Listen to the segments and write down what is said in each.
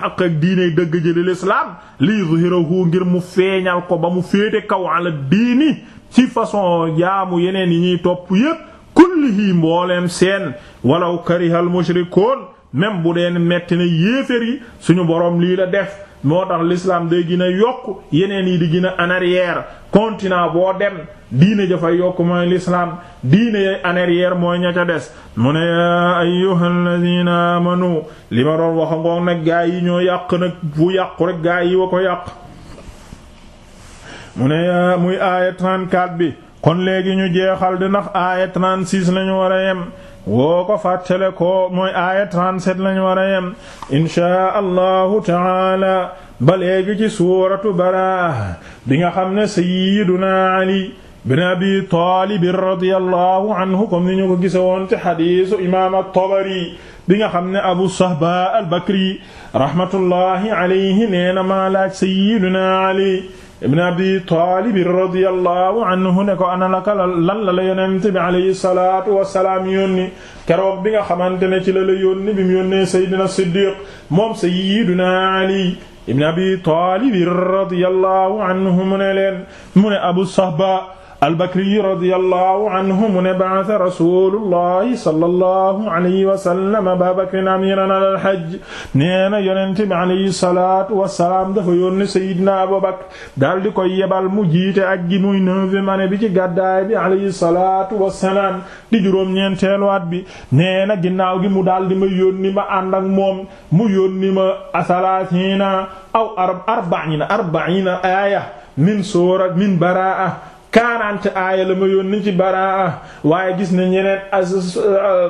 xaq ak diiney dëgg jëli lislaam li zuhirahu ngir mu feeñal ko ba mu féete kaw ala diini ci façon jaamu yeneen yi ñuy topp yépp kullihi mbooleem seen walaw karihal mushrikoon même bu deen metti na yéefér yi suñu boroom lii la def moo tax lislaam day gina yokk yeneen yi di gën a en arrière continent boo dem diine dafay yokk mooy l'islam diine yay en mooy ña ca des mu ne yaa ayyuhal ladina amanu li ma doon wax ngoog gaa yi ñoo yàq nag bu yàqu rek gaa yi wa ko yàq mu ne muy aaya 34 bi kon léegi ñu jeexal di ndax aaya 36 lañu war a yem woo ko fàttale ko mooy aaya 37 lañu war a yem inshaa allahu taala ba léegi ci suuratu Baraa bi nga xam ne sayyiduna Ali bin Abi Taalib radiyallahu anhu comme ni ñu ko gise woon ci xadiisu imaam at-Tabari bi nga xam ne Abu Sahba al-Bakri rahmatullahi alayhi nee na maa laaj sayyiduna Ali ibn Abi Taalib radiyallahu anhu ne ko ana laka lan la la yonent bi alayhi salaatu wassalaam yónni keroog bi nga xamante ne ci la la yónni bi mu yónnee sayyidina Siddiq moom sayyiduna Ali ibn abi taalib radiyallahu anhu mu ne leen mu ne abu sahba albakriyi radiyallahu anhu mu ne ba'atha rasulullahi sallallahu alayhi wa sallam Abaa Bakrin amiran alal hajj nee na yonent bi alayhi salaatu wa salaam Bakr daal di koy yebal mu jiite ak gi muy neuvième année bi ci gàddaay bi alayhi salaatu wa salaam di bi nee na ginnaaw gi mu daal di ma yónni ma ànd ak moom mu yónni ma asalaasiina aw arba'ina arba'ina aaya min suura min baraa quarante aaya la ma yónni ci baraa waaye gis nañ yeneen as euh,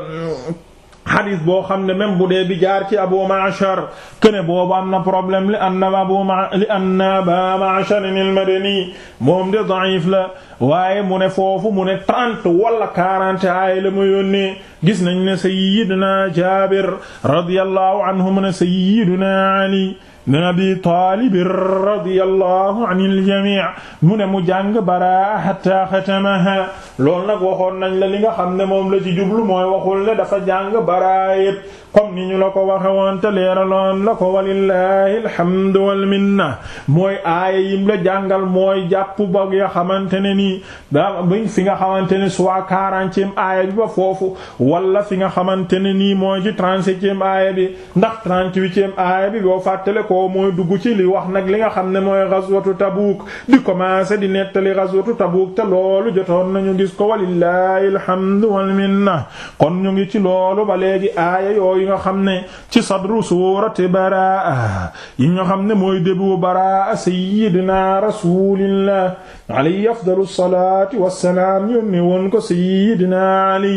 xadis boo xam ne même bu dee bi jaar ci Abu Ma'shar kene boobu am na problème li anna Abu li anna Aba Ma'shar al-Madani moom de da'if la waaye mu ne foofu mu ne trente wala quarante aaya la ma yónnee gis nañ ne sayyidina Jaabir radiyallahu anhu mu ne sayyidina Ali min abi taalib radiyallahu anil jamii mu ne mu jàng baraa hatta xatamaha loolu nag waxoon nañ la li nga xam ne moom la ci jublu mooy waxul ne dafa jàng baraa yépp comme ni ñu la ko waxe woon te leeraloon la ko walillahi alhamdu wal minna mooy aaya yim la jàngal mooy jàpp ba nga xamante ne ni da fi nga xamante ne soit quarantième aaya bi ba foofu wala fi nga xamante ne nii mooy ci trente-septième bi ndax trente bi aaya bi boo fàttale ko mooy dugg ci li wax nag li nga xam ne mooy ghazwatu Tabuk di commencer di nettali ghazwatu Tabuk te loolu jotoon nañu gis ko walillahi alhamdu wal kon ñu ngi loolu ba léegi yi nga xam ne ci sadru suurati baraa yi nga xam ne mooy débu baraa sayyidina rasulillah alayhi afdalu salaati wassalaam yónni woon ko sayyidina ali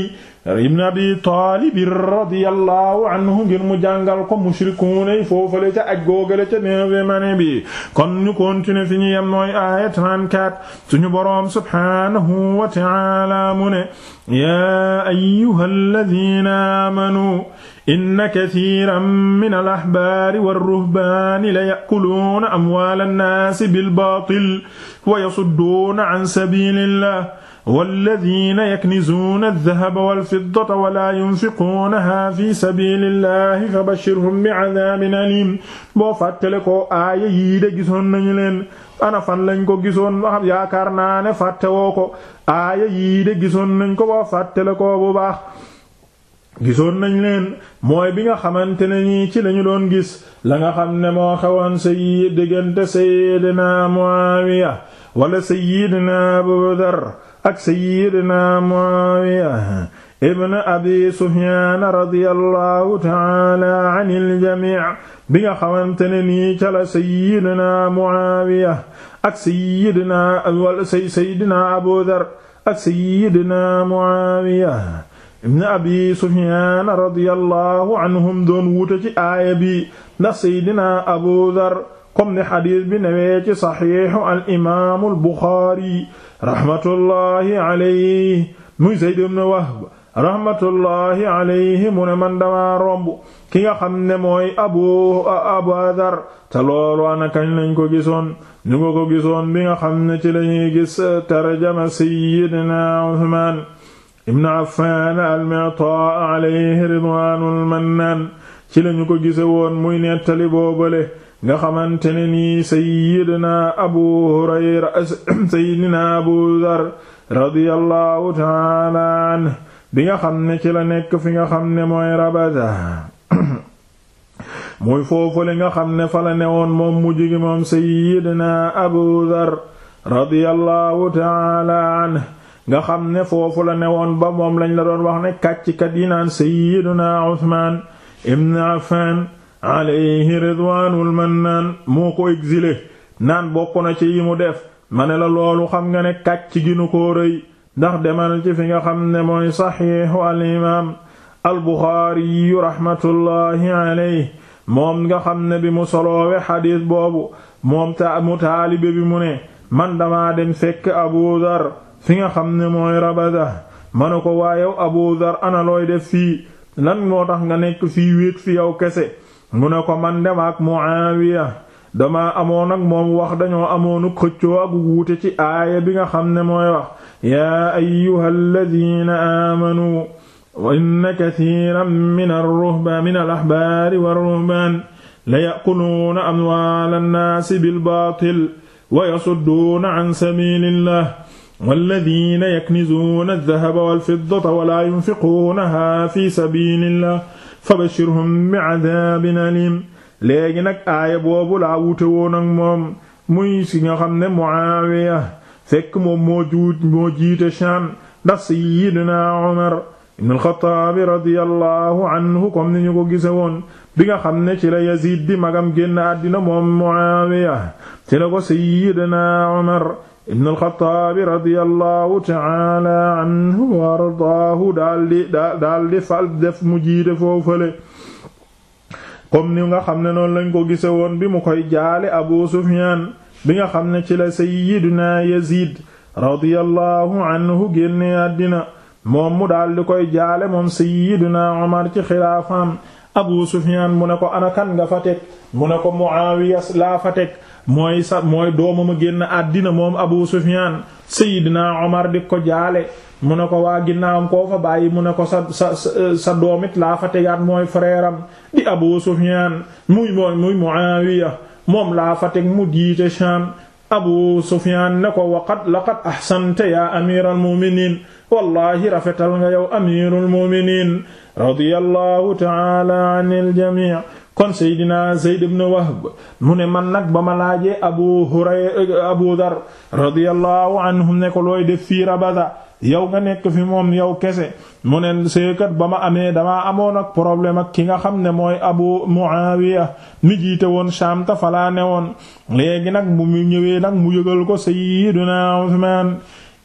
ibn abi taalib radiyallahu anhu ngir mu jàngal ko mushrikuuna yi foofale ca aj googale ca neuvième année bi kon ñu continuer fi ñu yem mooy aaya 34 suñu boroom subhaanahu wa ta'aala mu ne yaa ayyuhal ladiina aamanuu inna kathiran min al-ahbaari war-ruhbaani la ya'kuluuna amwaala an-naasi bil-baatili wa yasudduuna an sabiilillaah walladhiina yaknizuuna adh-dhahaba wal-fiddata wa laa yunfiquunahaa fii sabiilillaahi fabashshirhum bi'adhaabin aliim boo fàttale ko aaya yii de gisoon nañu leen ana fan lañ ko gisoon ba xam yaakaar naa ne fàtte woo ko aaya yii de gisoon nañ ko boo fàttale ko bu baax gisoon nañ leen mooy bi nga xamante ne nii ci lañu doon gis la nga xam ne moo xewoon sayyid diggante sayyidina Muawiya wala sayyidina Abu Dar ak sayyidina Muawiya ibn abi Sufyaan radiyallahu bi nga xamante ne nii ca la sayyidina Muawiya ak sayyidina wala sayyidina Abu Dar ak sayyidina Muawiya ibn abi sufyan radiyallahu anhum doon wuute ci aaya bi ndax seydina abu dar comme ni bi newee ci saxiixu al imaamu al buxaari rahmatullahi alayhi muy zayd ibn wahb rahmatullahi alayhi mu ne man dama romb ki nga xam ne mooy abu abadar te loolu ana kañ lañ ko gisoon ko gisoon bi nga xam ci lañuy gis tarjama sayyidina uthman ibnu Affaan al-Mu'taa alayhi ridwaanul mannaan ci ko gise woon muy nettali boobale nga xamante ne nii sayyidina Abu Hurayra sayyidina Abu Dar radiyallahu ta'ala anhu bi nga xam ne ci la nekk fi nga xam ne mooy Rabada muy foofu li nga xam ne fa la newoon moom mu jigi moom nga xam ne foofu la newoon ba moom lañ la doon wax ne kàcckat yi naan sayyiduna Usmaan ibn Affaan alayhi man mannaan moo ko exilé naan bokk na ci yi mu def ma ne la loolu xam nga ne kàcc ginu nu ko rëy ndax demal ci fi nga xam ne mooy saxiixu al imaam al buxaari rahmatullahi alayhi moom nga xam ne bi mu soloowe xadiis boobu moom taalibe bi mu ne man dama dem fekk abu dar fi nga xam ne mooy rabada ma ko waayow abu dar ana looy def fii lan moo tax nga nekk fii wéet fi yow kese mu ko man dem ak muawiya dama amoon ak moom wax dañoo amoonu xëccoo ak wuute ci aaya bi nga xam ne mooy wax yaa ayyuhal ladina aamanu inna kathiran min ar-ruhba min al ruhbaan la ya'kuluuna amwaala an-naasi bil baatil wa yasudduuna an sabiilillah walladina yaknizuuna aldahaba walfiddata wala yunfiquunaha fi sabilillah fabashirhum bi'adaabin alim léegi nag aaya boobu laa wute woon ak moom muy si nga xam ne Muawiya fekk moom moo juut moo jiite Sham ndax sayyidina Umar ibn al-Khattab radiyallahu anhu comme ni ñu ko gise woon bi nga xam ne ci la Yazid di magam génn àddina moom Muawiya ci la ko sayyidina Umar ibn alxataabi radiallahu taala anhu wa ardaahu daal fal def mu jiite foofale comme ni nga xam ne noonu lañ ko gise woon bi mu koy jaale abu sufyaan bi nga xam ne ci la sayyiduna yazid radiallahu anhu génne àddina moom mu daal koy jaale moom sayyiduna omar ci xilaafaam abu sufyaan mu ne ko anakan nga fa teg mu ne ko muawiya laa fa mooy sa mooy doomam a génn àddina moom Abu Sufyan Seydina Omar di ko jaale mu ne ko waa ginnaawam koo fa bàyyi mu ne ko sa sa sa doomit laa fa tegaat mooy frère am di Abu Sufyan muy mooy muy Muawiya moom laa fa teg mu jiite Sham Abu Sufyan ne ko waqad laqad ahsanta yaa amiral mu'minin wallahi rafetal nga yow amirul mu'minin radiyallahu ta'ala anil jami' kon Seydina Zayd ibn Wahb mu ne man nag ba ma laajee Abu Hurayra Abu Dar radiyallahu anhum ne ko looy def fii Rabada yow nga nekk fi moom yow kese mu ne seekat ba ma amee dama amoon ak problème ak ki nga xam ne mooy Abu Muawiya mi jiite woon Sham ta falaa ne woon léegi nag mu ñëwee nag mu yëgal ko Sayyidina Uthman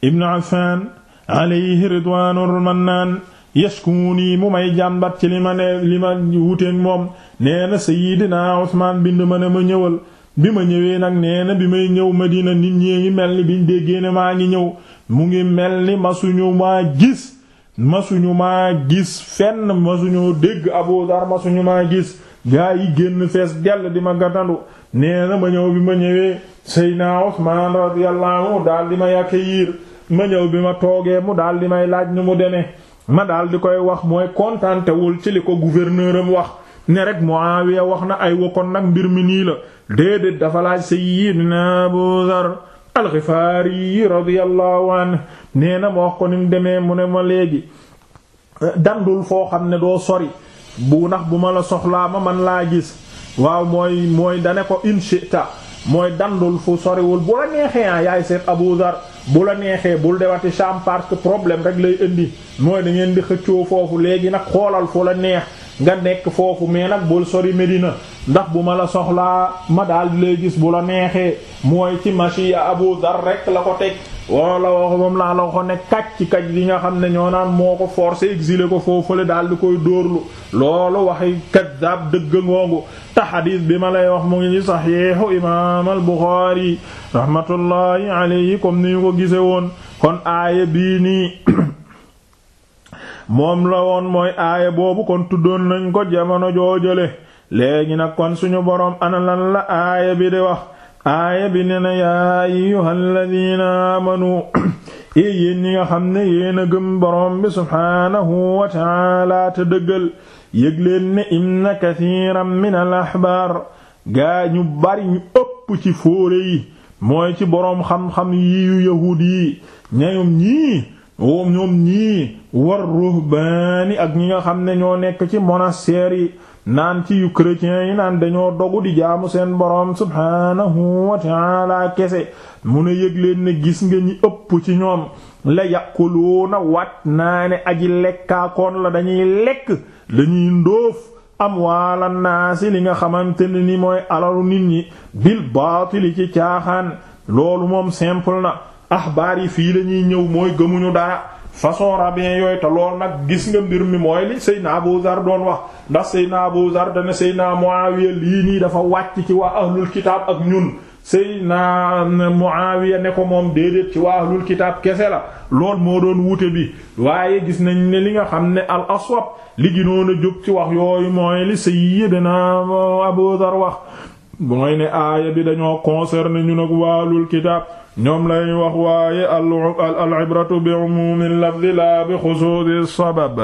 ibn Affan alayhi ridwanul mannan yashkuuni mu may jàmbat ci li ma ne li ma wuteen moom nee na sa yii sayyidina Usmaan bind ma ne ma ñëwal bi ma ñëwee nag nee na bi may ñëw ma Madina nit ñee ngi mel ni biñ déggee ne maa ngi ñëw mu ngi mel ni masuñu maa gis masuñu maa gis fenn masuñu dégg Abu Dar masuñu maa gis gaa yi génn fees dell di ma gatandu nee na ma ñëw bi ma ñëwee Seydina Usmaan radiyallahu daal di may accueillir ma ñëw bi ma toogee mu daal di may laaj nu mu demee ma daal di koy wax mooy kontantewul ci li ko gouverneur wax ne rek Muawiya wax na ay wokkoon nag mbir mi nii la déedéet dafa laaj sayyidina Abu Dharr al-Ghifari radiyallahu anhu nee na ma wax ko ni mu demee mu ne ma léegi dandul foo xam ne doo sori bu ndax bu ma la soxlaa ma man laa gis waaw mooy mooy dane ko inshita mooy dandul fu soriwul bu la neexee ah, yaay seet Abu bu la neexee bul dewati Sham parce que problème rek lay indi mooy da ngeen di xëccoo foofu léegi nag xoolal fu la neex nga nekk foofu mais nag bul sori Medina ndax bu ma la soxlaa ma daal di lay gis bu la neexee mooy ci machiya Abu Dar rek la ko teg wala wax moom laa la ko ne kàcc kàcc yi nga xam ne ñoo naan moo ko forcé exilé ko foofule daal di koy dóorlu loolu waxi kaddaab dëgg ngoongu te xadiis bi ma lay wax mu ngi ci saxiixu imaam al Buxaari rahmatullahi alayhi comme ni ñu ko gise woon kon aaya bii nii moom la woon mooy aaya boobu kon tuddoon nañ ko jamono joojale léegi nag kon suñu boroom ana lan la aaya bi di wax aaya bi ne na yaa ayyuhal ladina amanu i yéen ñi nga xam ne yéen a gëm boroom bi subhaanahu wa taala te dëggal yëg leen ne na kathiran min al gaa ñu bari ñu ëpp ci fóore yi mooy ci boroom xam-xam yi yu yahuud yi ñañoom ñii woom ñoom ñii war ruhbaani ak ñi nga xam ne ñoo nekk ci monastères yi naan ci yu chrétiens yi naan dañoo dogu di jaamu seen boroom subhaanahu wa ta'ala kese mu ne yëg leen ne gis nga ñi ëpp ci ñoom la yàquluuna wat naa ne aji lekkaakoon la dañuy lekk dañuy ndóof am waala naasi li nga xamante ne ni mooy alalu nit ñi bil baatili ci caaxaan loolu moom simple na axbaar yi fii lañuy ñëw mooy gëmuñu dara façon rabien yooyu te lool nag gis nga mbir mi mooy li Seydina Abu Zar doon wax ndax Seydina Abu Zar dana Seydina Muawiya lii nii dafa wàcc ci waa ahlul kitaab ak ñun na Seydina Muawiya ne ko moom déedéet ci waa ahlul kitaab kese la lool moo doon wuute bi waaye gis nañ ne li nga xam ne al aswab li ginoon jóg ci wax yooyu mooy li Seydina Abu Zar wax mooy ne aaya bi dañoo concerné ñun ak waa ahlul kitaab ñoom lañ wax waaye al ibratu bi umumil lafdi la bi xusuusi sabab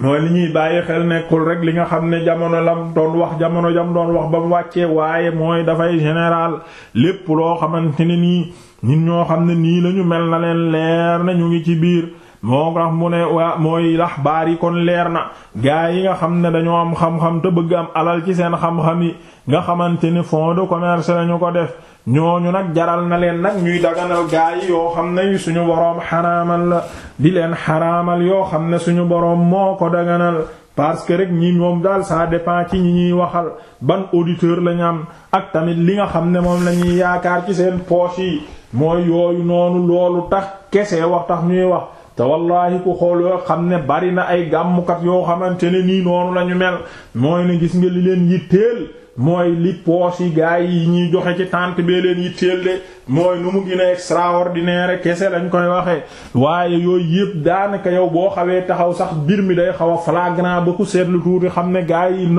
mooy li ñuy bàyyi xel nekkul rek li nga xam ne jamono lam doon wax jamono jam doon wax ba mu wàccee waaye mooy dafay général lépp loo xamante ne nii ñun ñoo xam ne nii lañu mel na leen leer na ñu ngi ci biir moo tax mu ne waa mooy baar yi kon leer na gaa yi nga xam ne dañoo am xam-xam te bëgg am alal ci seen xam-xam yi nga xamante ni fonds de commerce lañu ko def ñooñu nag jaral na leen nag ñuy daganal gaa yi yoo xam ne suñu boroom xaraamal la di leen xaraamal yoo xam ne suñu boroom moo ko daganal parce que rek ñii moom daal ça dépend ci ñi ñuy waxal ban auditeur lañu am ak tamit li nga xam ne moom lañuy yaakaar ci seen poche yi mooy yooyu noonu loolu tax kese wax tax ñuy wax te wallaahi ku xool yoo xam ne bari na ay gàmmukat yoo xamante ne nii noonu la ñu mel mooy ne gis nga li leen yitteel mooy li poche yi gars yi ñuy joxe ci tente bee leen yitteel de mooy nu mu gën a extraordinaire kese lañ koy waxee waaye yooyu yëpp daanaka yow boo xawee taxaw sax mbir mi day xaw a flagrant ba ku seetlu tuuti xam ne gars yi ils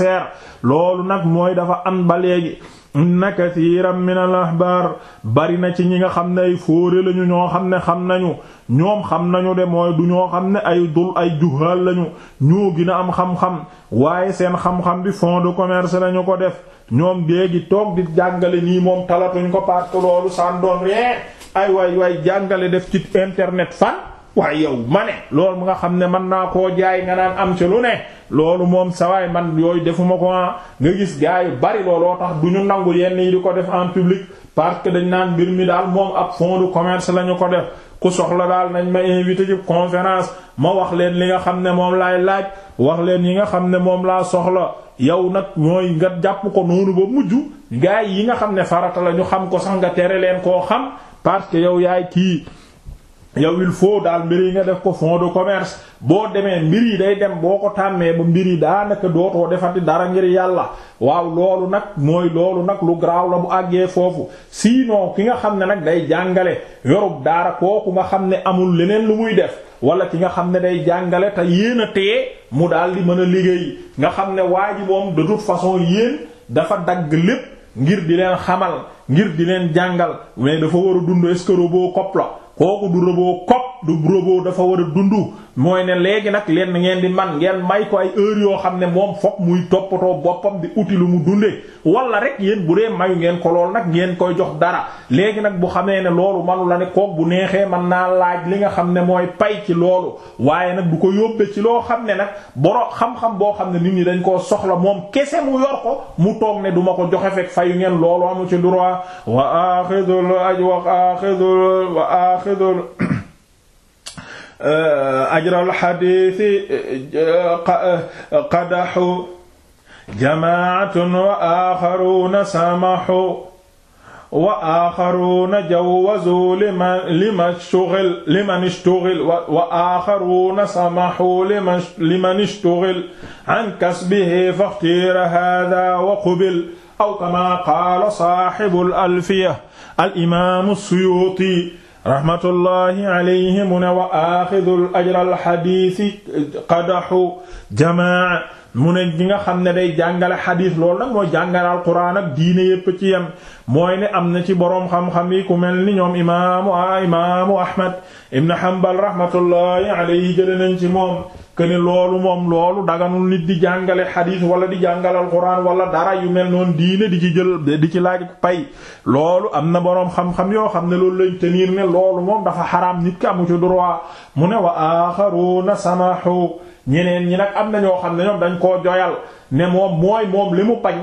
ne loolu nag mooy dafa am ba léegi. inna yi min na ahbar bari na ci ñi nga xam ne ay fóore lañu ñoo xam ne xam nañu ñoom xam nañu de mooy du ñoo xam ne ay dul ay juhaal lañu ñoo gën na am xam-xam waaye seen xam-xam bi fond de commerce lañu ko def ñoom léegi toog di jàngale nii moom talatuñu ko parce que loolu saan doon ree ay way way jàngale def ci internet fan waaye yow ma ne loolu mu nga xam ne mën naa koo jaay nga naan am ci lu ne loolu moom sawaay man yooyu defuma ko ah. nga gis gaa yu bari looloo tax du ñu nangu yenn yi di ko def en public parce que dañ naan mbir mi daal moom ab fond de commerce la ñu ko def ku soxla daal nañ ma invité ci conférence ma wax leen li nga xam ne moom laay laaj wax leen yi nga xam ne moom laa soxla yow nag mooy nga jàpp ko noonu ba mujj gaa yi nga xam ne farata la ñu xam ko sax nga leen koo xam parce yow il faut daal mbir yi nga def ko fonds de commerce boo demee mbir yi day dem boo ko tàmmee ba mbir yi daanaka dootoo defati dara ngir yàlla waaw loolu nag mooy loolu nag lu garaaw la bu àggee foofu sinon ki nga xam ne nag day jàngale yorub daara kooku nga xam ne amul leneen lu muy def wala ki nga xam ne day jàngale te yéen a téye mu daal di mën a liggéey nga xam ne waa ji moom façon yéen dafa dagg lépp ngir di leen xamal ngir di leen jàngal mais dafa war a dund escrobo kooku du rëboo kopp du rëboo dafa war a dund mooy ne léegi nag leen ngeen di man ngeen may ko ay heure yoo xam ne moom fokk muy toppatoo boppam di uti lu mu dundee walla rek yéen bu dee mayu ngeen ko lool nag ngeen koy jox dara léegi nag bu xamee ne loolu manu la ne kook bu neexee man naa laaj li nga xam ne mooy pay ci loolu waaye nag du ko yóbbee ci loo xam ne nag boro xam-xam boo xam ne nit ñi dañ koo soxla moom kese mu yor ko mu toog ne duma ko joxe fekk fayu ngeen loolu amu ci axidul ajral xadiisi qadaxu jamaatun wa axaruuna samaxu wa aaxaruuna jawwazu liman liman ishtughil liman ishtughil wa aaxaruuna samaxu liman ishtughil an kasbihi faxtiira haadaa wa qubil aw kamaa qaala saaxibul alfiya al imaamu suyuuti raxmatullahi alayhi mu ne wa aaxidu ajra alxadiisi qadaxu jamaa mu ne nga xam ne day jàngale xadiis loolu nag mooy alquraan ak diine ci yem mooy ne am na ci boroom xam-xam yi ku mel ni ñoom imaamu a ah, imaamu ahmad ibn hanbal raxmatullahi alayhi jële nañ ci moom que ne loolu moom loolu daganul nit di jàngale xadiis wala di jàngal alxuraan wala dara yu mel noonu diine di ci jël di ci laaj pay loolu am na boroom xam-xam yoo xam ne loolu lañ tenir ne loolu moom dafa xaraam nit ki amu ci droit mu ne wa axaruna samahu ñeneen ñi nag am na ñoo xam ne ñoom dañ koo joyal ne moom mooy moom li mu pañ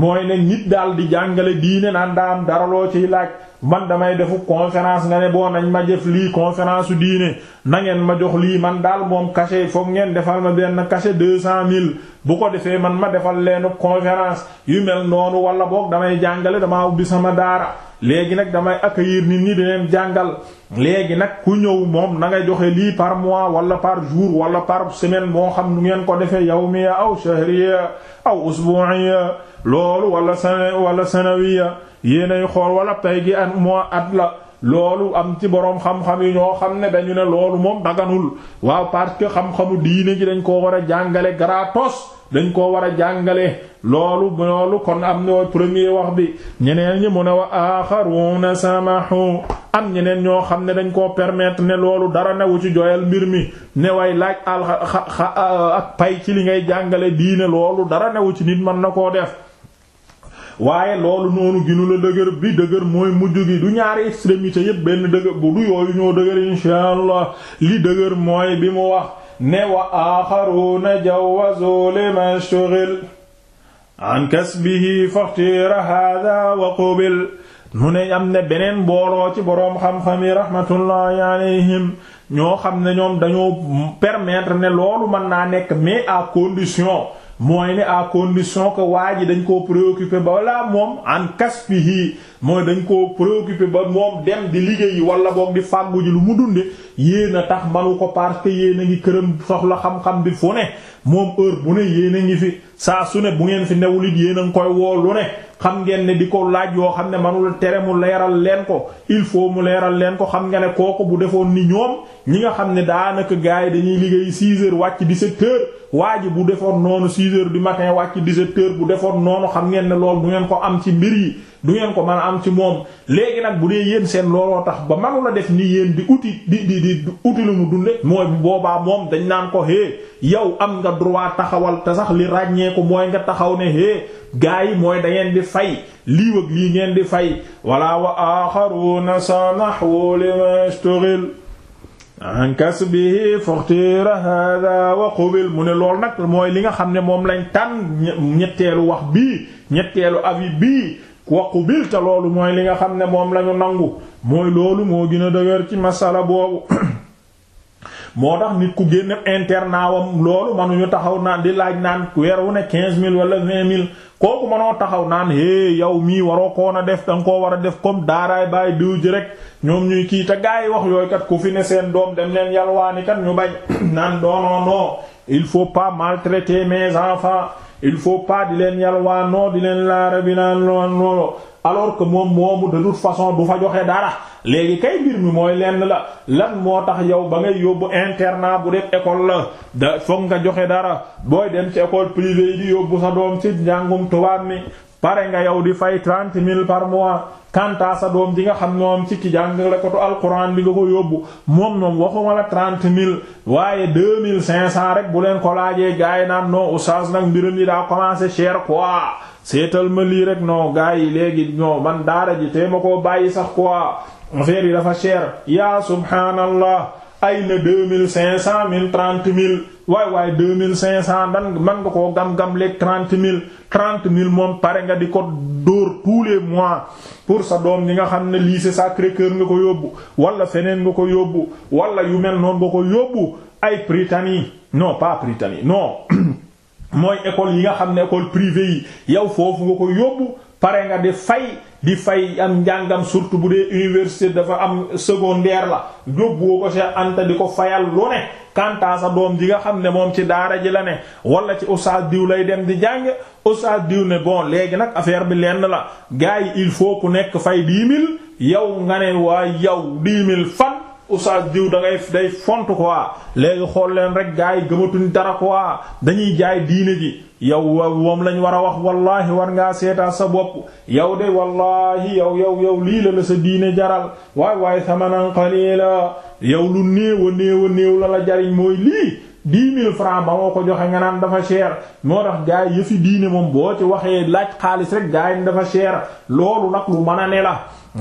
mooy ne nit daal di jàngale diine naan daa dara loo ciy laaj man damay defu conférence nga ne boo nañ ma jëf lii conférence su diine na ngeen ma jox lii man daal moom cachet foog ngeen defal ma benn cachet deux cent mille bu ko defee man ma defal leen conférence yu mel noonu wala boog damay jàngale damaa ubbi sama daara léegi nag damay accueillir nit ñi di leen jàngal léegi nag ku ñëw moom na ngay joxe lii par mois wala par jour wala par semaine moo xam nu ngeen ko defee yawmiya aw shahriya aw usbu'iya loolu wala sana wala sanawiya yéenay xool wala tay gi at mois at la loolu am ci boroom xam-xam yi ñoo xam ne dañu ne loolu moom daganul waaw parce que xam-xamu diine ji dañ koo war a jàngale gratos dañ koo war a jàngale loolu loolu kon am na premier wax bi ñeneen ñi mu ne wa na samahu am ñeneen ñoo xam ne dañ koo permettre ne loolu dara newu ci joyal mbir mi ne way laaj al ak pay ci li ngay jàngale diine loolu dara newu ci nit mën na koo def waaye loolu noonu ginu la dëgër bi dëgër mooy mujj gi du ñaari extrémité yépp benn dëgër bu du yooyu ñoo dëgër insha allah li dëgër mooy bi mu wax ne wa aaxaruna jawazu liman shughil an kasbihi faxtira hada wa qubil nu ne am ne beneen mbooloo ci boroom xam-xam yi rahmatullahi alayhim ñoo xam ne ñoom dañoo permettre ne loolu mën naa nekk mais à condition mooy ne à condition ko waa ji dañ koo préoccupé ba walla moom an kasbihi mooy dañ koo préoccupé ba moom dem di liggéey wala boog di fàggu ji lu mu dunde yéen a tax manu ko parce que yéen a ngi këram soxla xam-xam bi fu ne moom heure bu ne yéen a ngi fi saa su ne bu ngeen fi newul it yéen a ngi koy woo lu ne xam ngeen ne di ko laaj yoo xam ne manul tere mu leeral leen ko il faut mu leeral leen ko xam nga ne kooku bu defoon ni ñoom ñi nga xam ne daanaka gars yi dañuy liggéey 6 heures wàcc 17 heures waa bu defoon noonu 6 heures du matin wàcc 17 heures bu defoon noonu xam ngeen ne loolu du ngeen ko am ci mbir yi du ngeen ko mën a am ci moom léegi nag bu dee yéen seen looloo tax ba manu la def nii yéen di uti di di di uti lu mu dunde mooy boobaa moom dañ naan ko hé yow am nga droit taxawal te sax li ràññeeku mooy nga taxaw ne hé gaa yi mooy dangeen di fay lii wëg lii ngeen di fay wala wa axaruna sanahu liman istughil bi kasbihi fuxtira hada wa qubil mu ne loolu nag mooy li nga xam ne moom lañ tànn ñetteelu wax bii ñetteelu avis bii wa qubilta loolu mooy li nga xam ne moom lañu nangu mooy loolu moo gën a dëgër ci masala boobu moo tax nit ku génn internawam loolu manuñu taxaw naan di laaj naan weer wu ne quinze mille wala vingt mille kooku manoo taxaw naan é yow mii waroo koon a def danga koo war a def comme daaraay bàyyi diw ji rek ñoom ñuy kii te gaa yi wax yooyu kat ku fi ne seen doom dem leen yalwaani kat ñu bañ naan non non il faut pas maltraiter mes enfants il faut pas di leen yalwaanoo di leen laara bi naa lool alors que moom moomu de façon du fa joxe dara léegi kay mbir mi mooy lenn la lan moo tax yow ba ngay yóbbu internat bu def école la da fokk nga joxe dara booy dem ci école privée yi di yóbbu sa doom ci njàngum tubaab mi pare nga yow di fay trente mille par mois kanta sa doom ji nga xam moom ci ki jàngale ko to alquran bi nga ko yóbbu moom moom waxuma la trente mille waaye deux mille cinq cent rek bu leen ko laajee gars yi naan non oustaz nag mbiram yi daa commencé cher quoi seetal ma lii rek noo gars yi léegi non man daara ji tee ma koo bàyyi sax quoi affaire yi dafa cher ya subhanallah ay na deux mille cinq cent mille trente mille waay waay mille cinq cent dan man nga koo gam-gam leeg trente mille trente mille moom pare nga di ko dóor tous les mois pour sa doom ñi nga xam ne lii lycée Sacré-Cœur nga ko yóbbu wala feneen nga ko yóbbu wala yu mel noon nga ko yóbbu ay Prytanée non pas Prytanée non mooy école yi nga xam ne école privée yi yow foofu nga ko yóbbu pare nga di fay di fay am njàngam surtout bu dee université dafa am secondaire la yóbbu ko Cheikh Anta di ko fayal lu ne kanta sa doom ji nga xam ne moom ci daara ji la ne wala ci oustaz diw lay dem di jàng oustaz diw ne bon léegi nag affaire bi lenn la gars yi il faut ku nekk fay dix mille yow nga ne waa yow dix mille fan oustaz diw da ngay day font quoi léegi xool leen rek gars yi gëmatuñu dara quoi dañuy jaay diine ji yow woom lañu war a wax wallaahi war ngaa seetaa sa bopp yow de wallaahi yow yow yow lii la la sa diine jaral waay waay samanan qalila yow lu néew a néew a néew la la jariñ mooy lii dix francs ba moo ko joxe nga naan dafa cher moo tax gars yi yëfi diine moom boo ci waxee laaj xaalis rek gars yi dafa cher loolu nag lu mën a ne la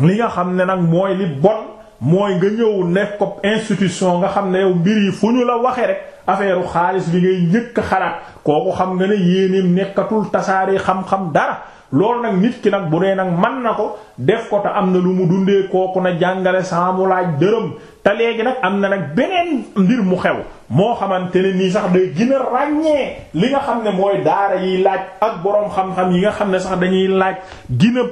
li nga xam ne nag mooy li bon mooy nga ñëw nekk ko institution nga xam ne yow mbir yi fu ñu la waxee rek affaire xaalis bi ngay njëkk xalaat kooku xam nga ne yéenéem nekkatul tasaare xam-xam dara loolu nag nit ki nag bu dee nag man na ko def ko te am na lu mu dundee kooku na jàngale saamu laaj dërëm te léegi nag am na nag beneen mbir mu xew moo xamante ne nii sax day gën ràññee li nga xam ne mooy daara yiy laaj ak boroom xam-xam yi nga xam ne sax dañuy laaj gën a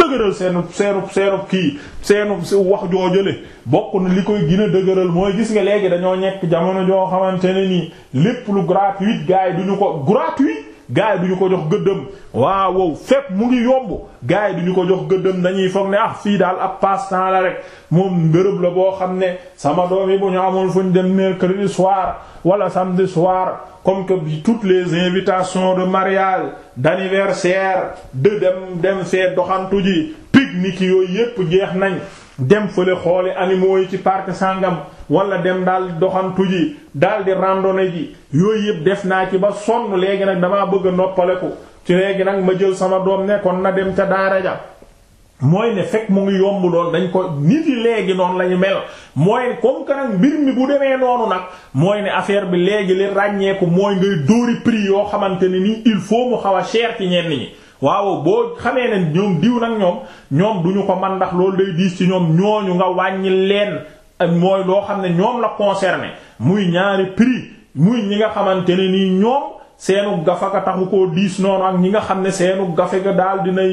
dëgëral seenu seenu seenu kii seenu wax joojale bokk na li koy gën a dëgëral mooy gis nga léegi dañoo ñekk jamono joo xamante ne nii lépp lu gratuit gars yi duñu ko gratuit gaay du ko jox gëddëm waaw wow fépp mu ngi yomb gaay du ko jox gëddëm dañuy foog ne ah fii daal ab passe-temps la rek moom bërëb la boo xam ne sama doom yi bu ñu amoon fu ñu dem mercredi soir wala samedi soir comme que toutes les invitations de mariage d'anniversaire de dem dem fee doxantu ji pique-nique yooyu yépp jeex nañ dem fële xooli animaux yi ci park sangam wala dem daal doxantu ji daal di randonnée ji yooyu yëpp def naa ci ba sonn léegi nag damaa bëgg a noppaleku ci léegi nag ma jël sama doom nekkoon na dem ca daara ja mooy ne fekk mu ngi yomb lool dañ ko nit yi léegi noonu la ñu mel mooy comme mbir mi bu demee noonu nag mooy ne affaire bi léegi li ràññeeku mooy ngay dóori prix yoo xamante ni nii il faut mu xaw a cher ci ñenn ñi. waaw boo xamee ne ñoom diw nag ñoom ñoom duñu ko man ndax loolu day diis ci ñoom ñooñu nga wàññi leen mooy loo xam ne ñoom la concerné muy ñaari prix muy ñi nga xamante ne nii ñoom seenu gafa ko taxu koo diis noonu ak ñi nga xam ne seenu gafe ga daal dinay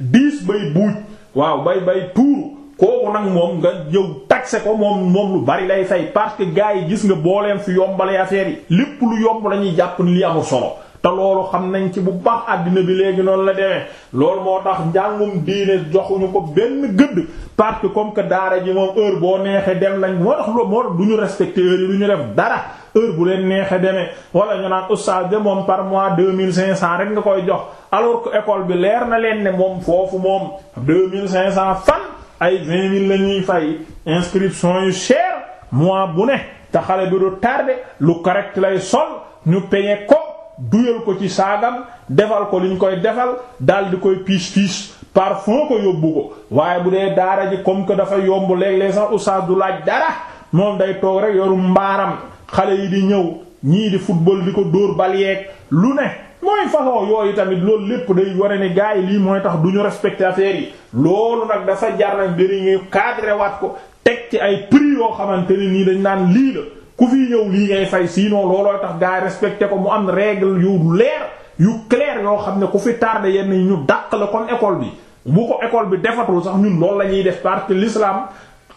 diis bay buuj waaw bay bay tuuru kooku nag moom nga jëw taxe ko moom moom lu bari lay fay parce que gars yi gis nga booleen fi yombale affaire yi lépp lu yomb lañuy jàpp ni li amul solo te loolu xam nañ ci bu baax àddina bi léegi noonu la demee loolu moo tax njàngum diine joxuñu ko benn gëdd parce comme que daara ji moom heure boo neexee dem nañ moo tax loolu moo tax du ñu respecté heure yi du ñu def dara heure bu leen neexee demee wala ñu naan oustaz de moom par mois deux mille cinq cent rek nga koy jox alors que école bi leer na leen ne moom foofu moom deux mille cinq cent fan ay vingt la ñuy fay inscription yu cher mois bu ne te xale bi du tardé lu correct lay sol ñu payer ko. duyal ko ci saagam defal ko ñu koy defal daal di koy piis piis parfum ko yóbbu ko waaye bu dee daara ji comme que dafa yomb léeg-léeg sax oustaz du laaj dara moom day toog rek yoru mbaaram xale yi di ñëw ñii di football di ko dóor bal yeeg lu ne mooy façon yooyu tamit loolu lépp day ware ne gars yi lii mooy tax duñu ñu respecté yi loolu nag dafa jar nañ dëri ngay cadré waat ko teg ci ay prix yoo xamante ne nii dañ daan lii la ku fi ñëw lii ngay fay sinon loolooy tax gaa yi respecté ko mu am règle yu leer yu clair yoo xam ne ku fi tardé yenn ñu dàq la kon école bi bu ko école bi defatul sax ñun loolu la ñuy def parce que l'islam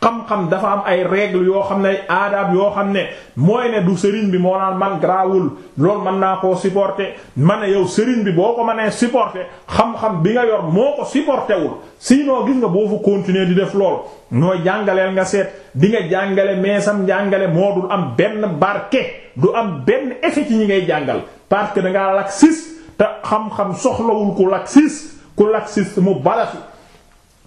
xam-xam dafa am ay règle yoo xam ne aadab yoo xam ne mooy ne du sëriñ bi moo naan man grawul loolu mën naa koo mën man yow sëriñ bi boo ko mënee supporter xam-xam bi nga yor moo ko supporter wul sinon gis nga boo fa continuer di def lool nooy jàngaleel nga seet di nga jàngale mais sam jàngale moo dul am benn barke du am benn effet ci ñi ngay jàngal parce que da ngaa laxiste te xam-xam soxlawul ku laxiste ku laxiste mu balafi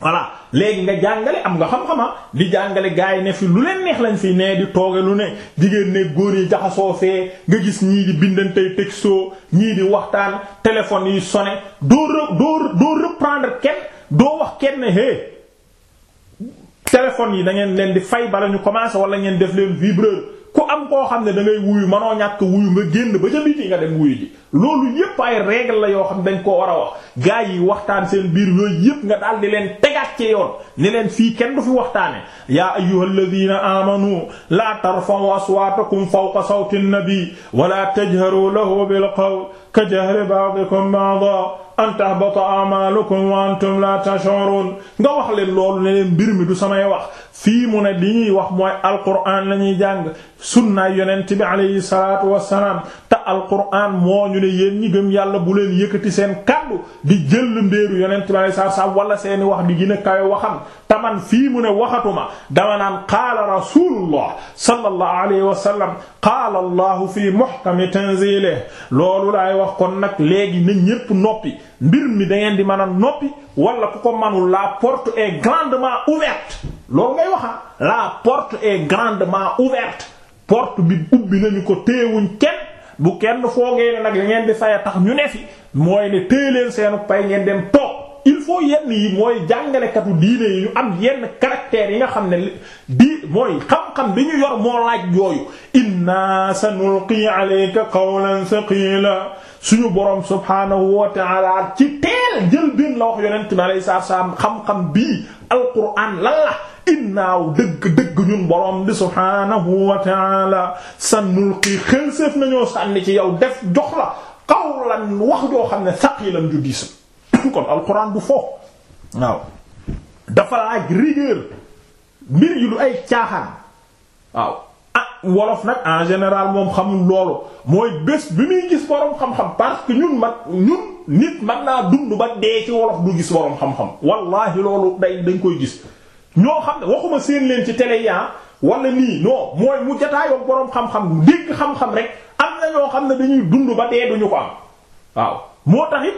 voilà léegi nga jàngale am nga xam-xama ah. di jàngale gars yi ne fi lu leen neex lañ fi ne di tooge lu ne jigéen ne góor yi jaxasoo fee nga gis ñii di bindantey texto ñii di waxtaan téléphone yi sonné doo doo doo reprendre kenn doo wax kenn hé téléphone yi da ngeen leen di fay bala ñu commencé wala ngeen def leen vibreur ku am koo xam ne da ngay wuyu manoo ñàkk wuyu nga génn ba ca biti nga dem wuyu ji loolu yépp ay règle la yoo xam dañ koo war a wax gars yi waxtaan seen biir yooyu yépp nga daal di leen tegaat ci yoon ni leen fii kenn du fi waxtaane yaa ayyuhalladhina amanu la tarfa'u aswatakum fawqa sawti an-nabi wa la tajharu lahu bil qawl ka jahri ba'dikum ba'da an tahbata a'malukum wa antum la tash'urun nga wax leen loolu ne leen mbir mi du samay wax fii mu ne li ñuy wax mooy alquran la ñuy jàng sunnaay yonent bi alayhi salaatu wassalaam te alquran moo ñu ne yéen ñi gëm yàlla bu leen yëkkati seen kàddu di jël mbéeru yonent bi alayhi salaatu wassalaam wala seeni wax di gën a kawe waxam te man fii mu ne waxatuma dama naan qaala rasulullah sallallahu alayhi wa sallam qaala allahu fi muhkami tanzilihi loolu wax kon nag léegi na ñépp noppi mbir mi da ngeen di mën a noppi wala ku ko manul la porte est grandement ouverte loo ngay wax ah. la porte est grandement ouverte porte bi ubbi nañu ko téewuñ kenn bu kenn foogee ne nag li ngeen di faya tax ñu ne fi mooy ne téye leen seenu pay ngeen dem toog il faut yenn yi mooy jàngalekatu diine yi ñu am yenn caractères yi nga xam ne di mooy xam-xam bi ñu yor moo laaj yooyu inna sanulqi alayka qawlan thaqila suñu borom subhaanahu wa ta'ala ci teel jël biin la wax yonent mi alayhi salaatu xam-xam bii alquran lan la innaaw dëgg dëgg ñun borom bi subhaanahu wa ta'ala sanulqii xelséef nañoo sànni ci yow def jox la qawlan wax joo xam ne saqilan ju diis kon alquran du foofu waaw dafa laaj rigueur mbir yi du ay caaxaan waaw wolof nag en général moom xamuñ loolu mooy bés bi muy gis boroom xam-xam parce que ñun mag ñun nit mag naa dund ba dee ci wolof du gis boroom xam-xam wallahi loolu day dañ koy gis ñoo xam ne waxuma seen leen ci télé ya ah, wala nii non mooy mu jataayoo boroom xam-xam dégg xam-xam rek am na ñoo xam ne dañuy dund ba dee duñu ko am waaw moo tax it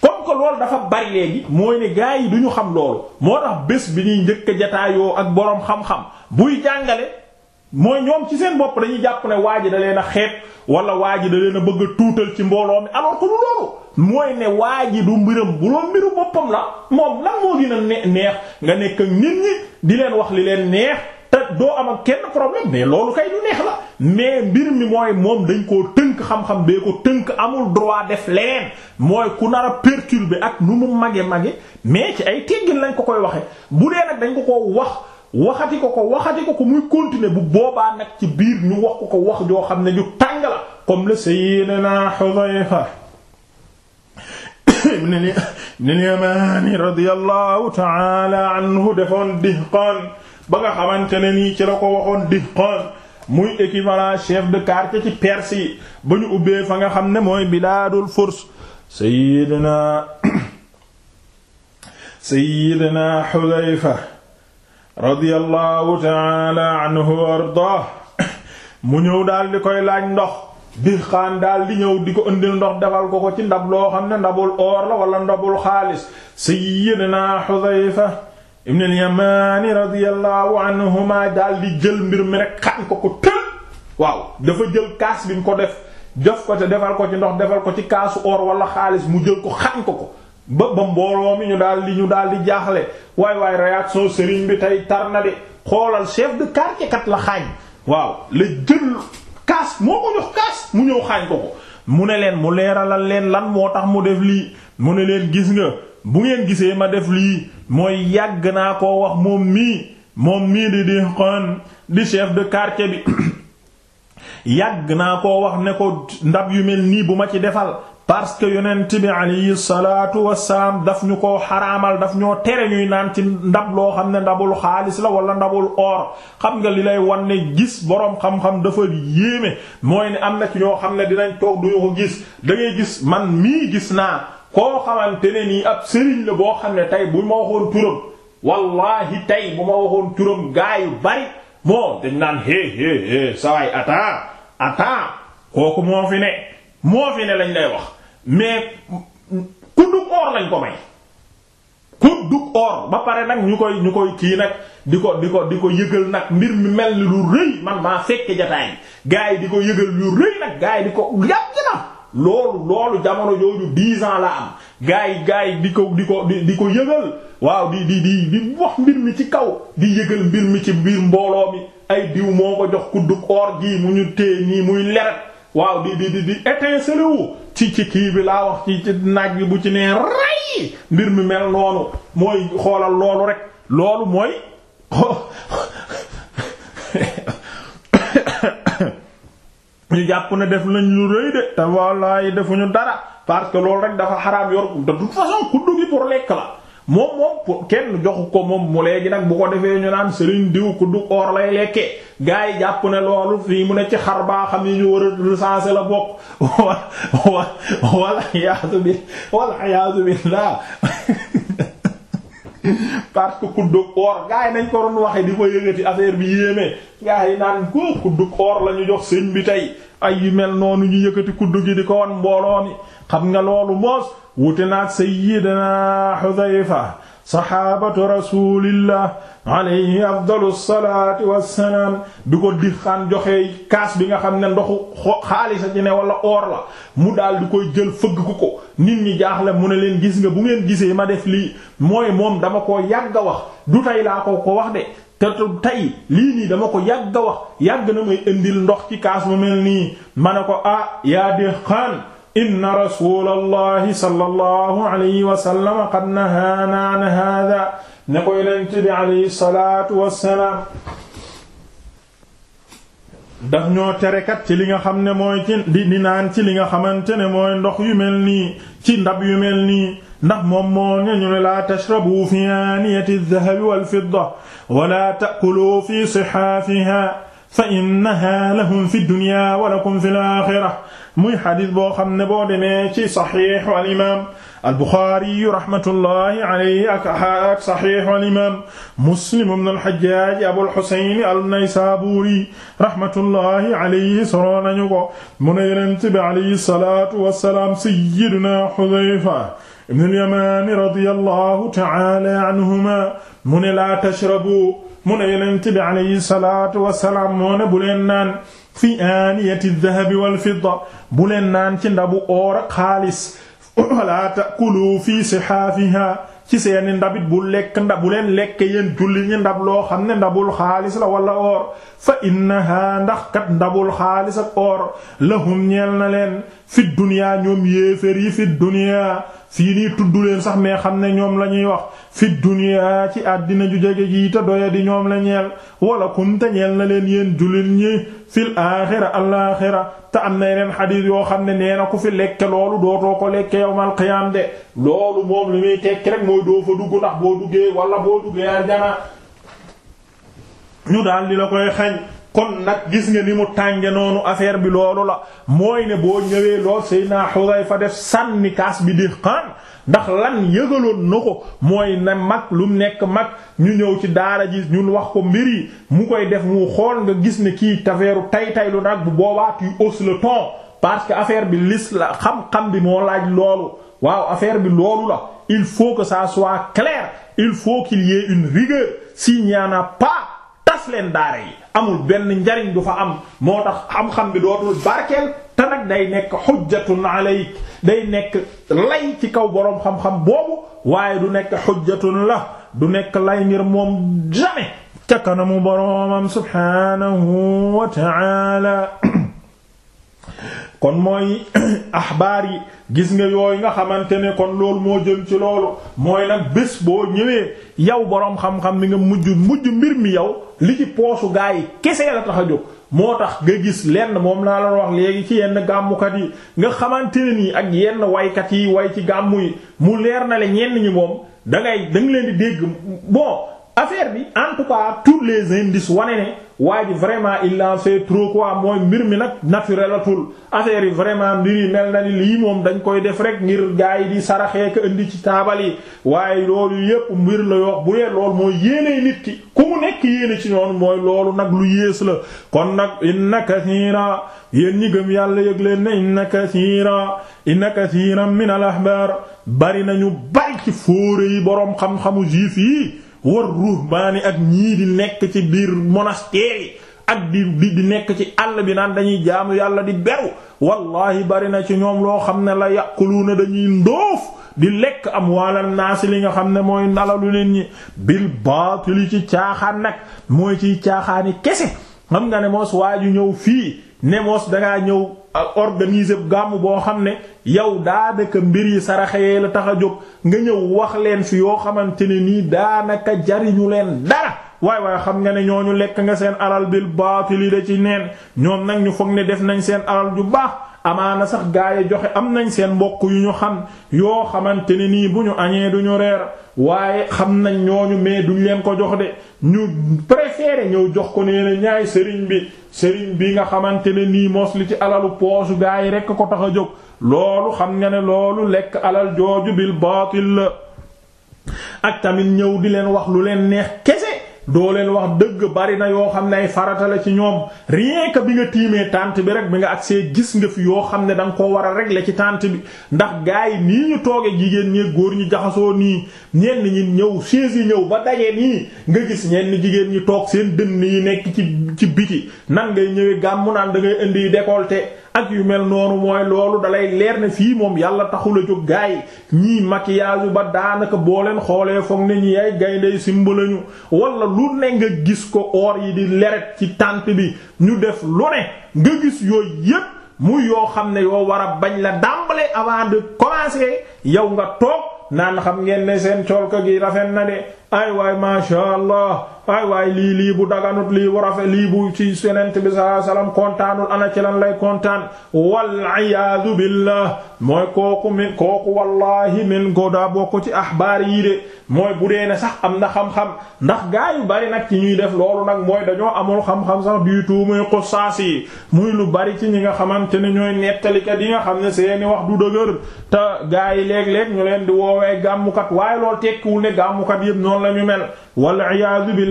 comme que dafa bari léegi mooy ne gars yi duñu xam loolu moo tax bés bi ñuy njëkk a jataayoo ak boroom xam buy jàngale mooy ñoom ci seen bopp dañuy jàpp ne waa ji da leen a xeet wala waa ji da leen a bëgg a tuutal ci mbooloo mi alors que lu loolu mooy ne waa ji du mbiram bu loolu mbiru boppam la moom lan moo gën a neex nga nekk ak nit ñi di leen wax li leen neex te doo am ak kenn problème mais loolu kay du neex la mais mbir mi mooy moom dañ koo tënk xam-xam bee ko tënk amul droit def leneen mooy ku nar a perturber ak nu mu mage mage mais ci ay teggin lañ ko koy waxe bu dee dañ ko ko wax. waxati ko ko waxati ko ko muy continuer bu boobaa nag ci biir ñu wax ko ko wax joo xam ne ñu tàng la comme le sayyidina Hudhayfa ibn al-Yamani radiyallahu ta'ala anhu defoon Dihqan ba nga xamante ne nii ci la ko waxoon Dihqan muy équivalent chef de quartier ci Perse yi ba ñu ubbee fa nga xam ne mooy bilaadul furs sayyidina sayyidina Hudhayfa radiyallahu taala anhu ardah mu ñëw daal di koy laaj ndox dixaan daal di ñëw di ko ëndil ndox defal ko ko ci ndab loo xam ne ndabul oor la wala ndabul xaalis sayyidina Xudayfa ibn al-Yamaani radiyallahu anhuma daal di jël mbir mi rek xaan ko ko tël waaw dafa jël kaas bi mu ko def jof ko te defal ko ci ndox defal ko ci kaasu or wala xaalis mu jël ko xaan ko ko ba mbooloo mi ñu daal di ñu daal di jaaxle waay waay réaction sëriñ bi tey tar na de xoolal chef de quartier kat la xaañ waaw la jël kaas moo ko jox kaas mu ñëw xaañ ko ko mu ne leen mu leeralal leen lan moo tax mu def lii mu ne leen gis nga bu ngeen gisee ma def lii mooy yàgg naa ko wax moom mii moom mii di di xon di chef de quartier bi yàgg naa ko wax ne ko ndab yu mel nii bu ma ci defal parce que yonent bi alayhi salaatu wasalaam daf ñu ko xaraamal daf ñoo tere ñuy naan ci ndab loo xam ne ndabul xaalis la walla ndabul or xam nga li lay wan ne gis boroom xam-xam dafa yéeme mooy ne am na ci ñoo xam ne dinañ toog duñu ko gis da gis man mii gis naa koo xamante ne nii ab sëriñ la boo xam ne tey bu ma waxoon turam wallahi tey bu ma waxoon turam gaa yu bari moo dañ naan hé hé hé sawaay attends attends kooku moo fi ne moo fi ne lañ lay wax mais kuddug or lañ ko may kuddug or ba pare nag ñu koy ñu koy kii nag di ko di ko di ko yëgal nag mbir mi mel ni lu rëy man maa fekke jataay gaa yi di ko yëgal lu rëy nag gaa di ko yàgg loolu jamono jooju dix ans la gaa yi gaa yi di ko di ko di ko yëgal waaw di di di di wax mbir mi ci kaw di yëgal mbir mi ci biir mbooloo mi ay diw moo ko jox kuddug or gii mu ñu téye nii muy leret waaw di di di di étincelé ci ci kii bi laa wax ci ci naaj bi bu ci nee ray mbir mi mel noonu mooy xoolal loolu rek loolu mooy ñu jàpp ne def nañ lu rëy de te yi defuñu dara parce que loolu rek dafa xarab yor de toute façon kuddu gi pour lekk la moom moom kenn joxu ko moom mu léegi nag bu ko defee ñu naan sëriñ diw ku du lay lekke gars yi jàpp ne loolu fii mu ne ci xar baa xam ni ñu war a recenser la bokk wa wala yaasu bi wala yaasu bi laa parce que kuddug or gaay nañ ko doon waxe di ko yëgati affaire bi yéeme gars yi naan ko kuddug or la ñu jox sëñ bi tey ay yu mel noonu ñu yëkkati kuddu yi di ko wan mbooloo xam nga loolu moos wute naag sayyidina Xudayfa saxaabatu rasulillah alayhi afdalu salaati wassalaam bi ko dixaan joxe kaas bi nga xam ne ndoxu xaalisa ci ne wala oor la mu daal di koy jël fëgg ku ko nit ñi jaaxle mu ne leen gis nga bu ngeen gisee ma def lii mooy moom dama ko yàgg a wax du tey laa ko ko wax de te tey lii nii dama ko yàgg a wax yàgg na may indil ndox ci kaas mu mel nii ma ne ko ah yaa dixaan inna rasulallahi sallallahu alayhi wa sallam qad nahaana an haadaa ne ko yonent bi alayhi salaatu wassalaam daf ñoo terekat ci li nga xam ne mooy ci di di naan ci li nga xamante ne mooy ndox yu mel nii ci ndab yu mel nii ndax moom moo ne ñu ne laa tashrabu fi aaniyati adh-dhahabi wal-fidda wala ta'kulu fi sihaafiha fa innaha lahum fi dunya wa lakum fil aaxira muy xadis boo xam ne boo demee ci saxiixu al imaam al buxaari rahmatullahi alayhi ak saxiixu al imaam muslim ibn al hajjaaj abul xusayn al naysaabuuri rahmatullahi alayhi soroo nañu ko mu ne yonent bi alayhi salaatu wa salaam sayyidunaa Xudayfa ibn al yamaani radiyallahu ta'aala anhumaa mu ne laa tashrabuu mu ne yonent bi alayhi salaatu wa salaam moo ne bu leen naan fi aaniyati dahabi wal fidda bu leen naan ci ndabu oor ak xaalis wala takulu fi sihaafiha ci seeni ndabit bu lekk ndab leen lekk yéen julli ñi ndab loo xam ne ndabul xaalis la wala oor fa innaha ndax kat ndabul xaalis ak oor lahum ñeel na leen fi duniyaa ñoom yéefér fi duniyaa fii nii tudd leen sax mais xam ne ñoom lañuy wax fi dunya ci àddina ju jege jii te doya di ñoom la ñeel wala kun te ñeel na leen yéen jullit ñi fil aaxira alaaxira te am na yeneen xadiis yoo xam ne nee ku fi lekke loolu dootoo ko lekke yawmal qiyaam de loolu moom li muy tekki rek mooy doo fa dugg ndax boo duggee wala boo duggee aljana ñu daal di koy xañ kon nag gis nga ni mu tànge noonu affaire bi loolu la mooy ne boo ñëwee lool Seydina Xudayfa def sànni kaas bi dihqaan ndax lan yëgaloon na ko mooy ne mag lu nekk mag ñu ñëw ci daara ji ñun wax ko mbir yi mu koy def mu xool nga gis ne kii tafeeru tay tay lu nag bu boobaa tu hausses ton parce que affaire bi lis la xam-xam bi moo laaj loolu waaw affaire bi loolu la il faut que ça soit clair il faut qu'il y ait une rigueur s'il n'y en a leen daara yi amul benn njariñ du fa am moo tax xam-xam bi dootul barkeel te nag day nekk xujjatun alayk day nekk lay ci kaw boroom xam-xam boobu waaye du nekk xujjatun la du nekk lay ngir moom jamais ca kanamu boroomam subhaanahu wa ta'ala kon mooy axbaar yi gis nga yooyu nga xamante ne kon loolu moo jël ci loolu mooy nag bés boo ñëwee yow boroom xam-xam mi nga mujj mujj mbir mi yow li ci poosu gaa yi kese la tax a jóg moo tax nga gis lenn moom laa la wax léegi ci yenn gàmmukat yi nga xamante ne nii ak yenn waykat yi way ci gàmmu yi mu leer na le ñenn ñi moom da ngay da leen di dégg bon affaire bi en tout cas tous les indices wane ne. waa ji vraiment il en fait trop quoi mooy mbir mi nag naturelatul affaire yi vraiment mbir yi mel na lii moom dañ koy def rek ngir gaa yi di saraxee ko ci taabal yi waaye loolu yëpp mbir la yoo bu dee loolu mooy yéenee nit ku mu nekk yéene ci noonu mooy loolu nag lu yées la kon nag inna kathiira yéen ñi gëm yàlla yëg leen ne inna kathiira inna kathiiran min al ahbar bari nañu bari ci fóore yi boroom xam-xamu juif yi war ruhbaani ak ñii di nekk ci biir monastère ak di di di nekk ci àll bi naan dañuy jaamu yàlla di beru wallahi bari na ci ñoom loo xam ne la yàquluuna dañuy ndóof di lekk am waalal naasi li nga xam ne mooy nalalu leen ñi bil baatili ci caaxaan nag mooy ciy caaxaani kese xam nga ne moos ñëw fii ne dangaa ñëw organiser gàmm boo xam ne yow daanaka mbir yi saraxee la tax a jóg nga ñëw wax leen fi yoo xamante ne nii daanaka jariñu leen dara waaye waaye xam nga ne ñoo ñu lekk nga seen alal bil baatili da ci neen ñoom nag ñu foog ne def nañ seen alal ju baax amaana sax gaay yi joxe am nañ seen mbokk yu ñu xam yoo xamante ni nii bu ñu añee du reer waaye xam nañ ñooñu mais duñ leen ko jox de ñu préféré ñëw jox ko nee ñaay sëriñ bi sëriñ bi nga xamante ne nii mos li ci alalu poosu gaa yi rekk a ko tax a jóg loolu xam nga ne loolu lekk alal jooju bil baatil la ak tamit ñëw di leen wax lu leen neex kese doo leen wax dëgg bari na yoo xam ne ay farata ci ñoom rien que bi nga tiimee tànt bi rek bi nga agsee gis nga fi yoo xam ne danga nga ko war a régler ci tànt bi ndax gars yi nii ñu toogee jigéen ñee góor ñu jaxasoo nii ñenn ñi ñëw chaise yi ñëw ba dajee nii nga gis ñenn jigéen ñi toog seen dënn yi nekk ci ci biti nan ngay ñëwee gàmmu naan da ngay indi décolleté ak yu mel noonu mooy loolu dalay leer ne fii moom yàlla taxula jóg gaay ñii maquillage ba daanaka boo leen xoolee foog ne ñi ay gayndey simba lañu wala lu ne nga gis ko or yi di leret ci tànt bi ñu def lu ne nga gis yooyu yépp mu yoo xam ne yoo war a bañ la dàmbale avant de commencer yow nga toog naan xam ngeen ne seen colka gi rafet na de ay waay masha Allah waay waay lii lii bu daganut lii bu rafet lii bu ci senent bi sallallahu alayhi wasallam kontaanul ana ci lay kontaan wal iyaadu billah mooy kooku min kooku wallahi min ko daa bokk ci axbaar yi de mooy bu dee ne sax am na xam-xam ndax gaa yu bari nag ci ñuy def loolu nag mooy dañoo amul xam-xam sax du tout muy xusaas muy lu bari ci ñi nga xamante ne ñooy nettalikat yi nga xam ne seeni wax du dëgër te gaa yi léeg-léeg ñu leen di woowee gàmmukat waaye loolu tekkiwul ne gàmmukat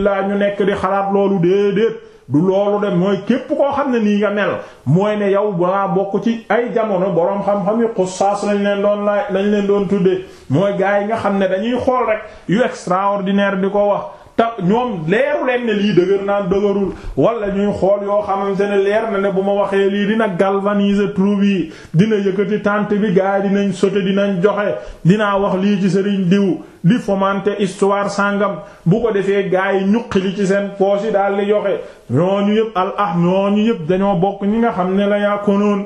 alhamdulilah ñu nekk di xalaat loolu déedéet du loolu de mooy képp koo xam ne nii nga mel mooy ne yow balaa bokk ci ay jamono boroom xam-xam yi xussaas lañ leen doon laaj lañ leen doon tuddee mooy gaa yi nga xam ne dañuy xool rek yu extraordinaire di ko wax. ta ñoom leeru leen ne lii dëgër naan dëgërul wala ñuy xool yoo xamante ne leer na ne bu ma waxee lii dina galvaniser troupe yi dina yëkkati tant bi gaa dinañu dinañ sote dinañ joxe dinaa wax lii ci sëriñ diw di fomante histoire sàngam bu ko defee gaa yi ñuqi li ci seen poche yi daal di joxe ñooñu yëpp al ah ñooñu yëpp dañoo bokk ñi nga xam ne la yaa konoon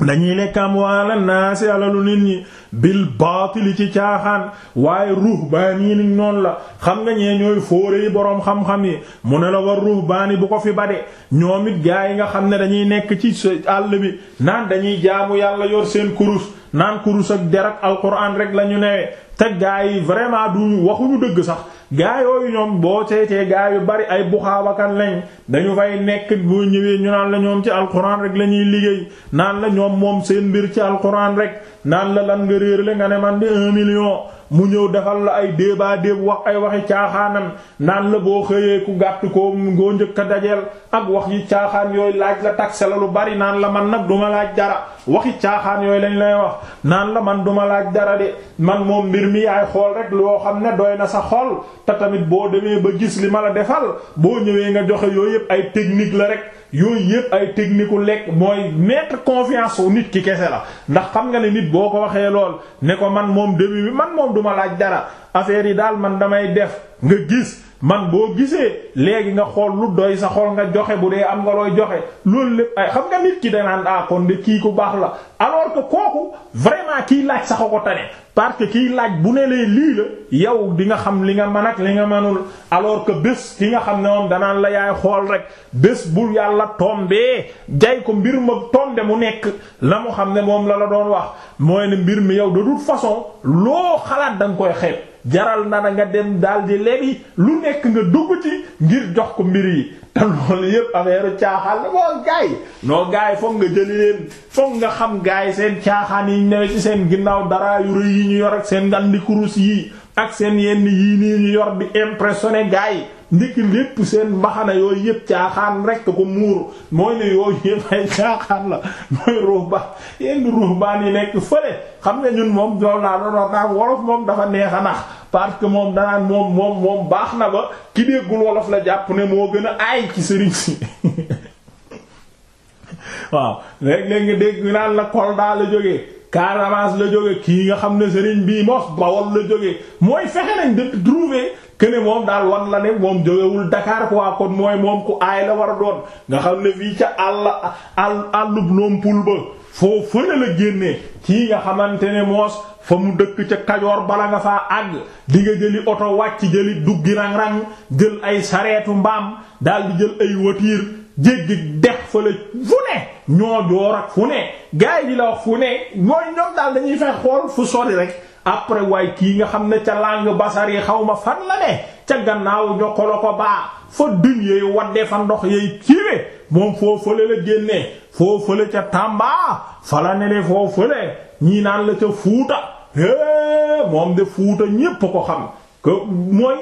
dañuy lekk amwaala naasi alalu nit ñi bil baatili ci caaxaan waaye ruhbaani ni noonu la xam nga ñee ñooy fóore yi boroom xam-xam yi mu ne la war ruhbaani bu ko fi bade ñoom it gaa yi nga xam ne dañuy nekk ci àll bi naan dañuy jaamu yàlla yor seen kurus naan kurus ak der ak alquran rek la ñu newee te gaa yi vraiment duñu waxuñu dëgg sax gaa yooyu ñoom boo seetee gaa yu bari ay buxaabakan lañ dañu fay nekk boo ñëwee ñu naan la ñoom ci alquran rek la ñuy liggéey naan la ñoom moom seen mbir ci alquran rek naan la lan nga réer le nga ne man di un million mu ñëw defal la ay déebaa déeb wax ay waxi caaxaanam naan la boo xëyee ku gàtt ko ngoo njëkk a dajeel ak wax yi caaxaan yooyu laaj la taxe la lu bari naan la man nag duma laaj dara waxi caaxaan yooyu lañ lay wax naan la man duma laaj dara de man moom mbir mi yaay xool rek loo xam ne doy na sa xool te tamit boo demee ba gis li ma la defal boo ñëwee nga joxe yooyu yëpp ay technique la rek yooyu yëpp ay technique u lekk mooy mettre confiance wu nit ki kese la ndax xam nga ne nit boo ko waxee lool ne ko man moom début bi man moom duma laaj dara affaire yi daal man damay def nga gis man boo gisee léegi nga xool lu doy sa xool nga joxe bu dee am nga looy joxe loolu lépp ay xam nga nit ki danaan ah kon de kii ku baax la alors que kooku vraiment kii laaj sax ko tane parce que kii laaj bu ne lee lii la yow di nga xam li nga mën ak li nga mënul alors que bés ki nga xam ne moom danaan la yaay xool rek bés bu yàlla tombee jay ko mbir ma tombe mu nekk la mu xam ne moom la la doon wax mooy ne mbir mi yow de toute façon loo xalaat da koy xeeb. jaral na na nga dem daal di lebi lu nekk nga dugg ci ngir jox ko mbir yi te loolu yépp affaire caaxaan la boo gaay noo gaay foog nga jëli leen foog nga xam gaay seen caaxaan yi newee ci seen ginnaaw dara yu rëy yi ñu yor ak seen ngandi kurus yi ak seen yenn yii nii ñu yor di impressionné gars yi ndiki lépp seen mbaxana yooyu yëpp caaxaan rekk ko muur mooy ne yooyu yëpp ay caaxaan la mooy ruuba yenn ruubaan yi nekk fële xam nga ñun moom dool naa doon naa wolof moom dafa neex a nax parce que moom danaan moom moom baax na ba ki déggul wolof la jàpp ne moo gën a ay ci sëriñ si waaw léeg-léeg dégg naan la Kolda la jógee Casamance la jóge kii nga xam ne sëriñ bii mos Bawol la jóge mooy fexe nañ de trouver que moom daal wan la ne moom jógewul Dakar quoi kon mooy moom ku aay la war a doon nga xam ne fii ca àll àll àllub nompul ba foo fële la génnee kii nga xamante ne moos fa mu dëkk ca Kajoor bala nga faa àgg di nga jëli oto wàcc jëli duggi rang-rang jël ay sareetu mbaam daal di jël ay watiir jéggi dex fële fu ne ñoo joor ak fu ne gars yi la wax fu ne ñooy ñoom daal dañuy fex xool fu sori rek après waaye kii nga xam ne ca langue basar yi xaw ma fan la ne ca gannaaw ñokkolo ko baa fa duñ yeey wadde fa ndox yeey kiiwe moom foo fële la génnee foo fële ca Tamba fa la ne ne foo fële ñii naan la ca Fuuta hee moom de Fuuta ñépp ko xam mooy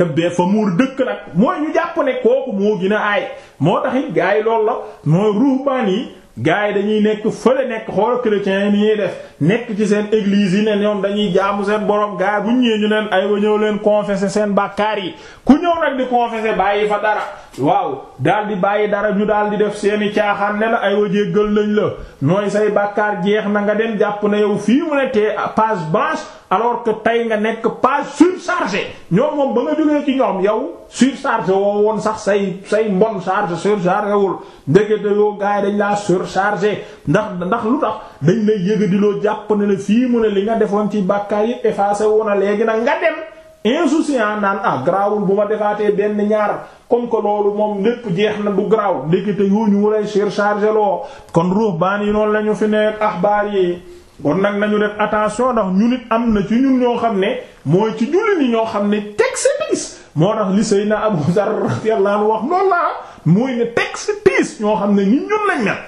te bee fa muur dëkk nag mooy ñu jàpp ne kooku moo gën a aay moo taxit gaa yi la mooy ruhbaan yi gaa yi dañuy nekk fële nekk xool chrétien yi ni ñuy def nekk ci seen église yi ne ñoom dañuy jaamu seen boroom gaa bu ñëwee ñu leen ay wa ñëw leen confesser seen bàkkaar yi ku ñëw nag di confesser bàyyi fa dara waaw daal di bàyyi dara ñu daal di def seeni caaxaan ne la ay wa jéggal nañ la nooy say bàkkaar jeex na nga dem jàpp na yow fii mu ne te page blanche alors que tey nga nekk pas surchargé ñoom moom ba nga jógee ci ñoom yow surchargé woo woon sax say say mbon charge surchargé wul ndekete yoo gars yi dañ laa surchargé ndax ndax lu tax dañ lay yëga di loo jàpp ne la fii mu ne li nga defoon ci bàkkaar yi effacé woon a léegi nag nga dem insouciant naan ah grawul bu ma defaatee benn ñaar comme que loolu moom lépp jeex na du graw ndekete yoo ñu lay surchargé loo kon ruux baan yi noonu fi nekk axbaar yi kon nag nañu def attention ndax ñu nit am na ci ñun ñoo xam ne mooy ci julli ni ñoo xam ne texte piis moo tax li Seydina Abu Zar radiyallahu anhu wax noonu la mooy ne texte piis ñoo xam ne ñi ñun lañ mel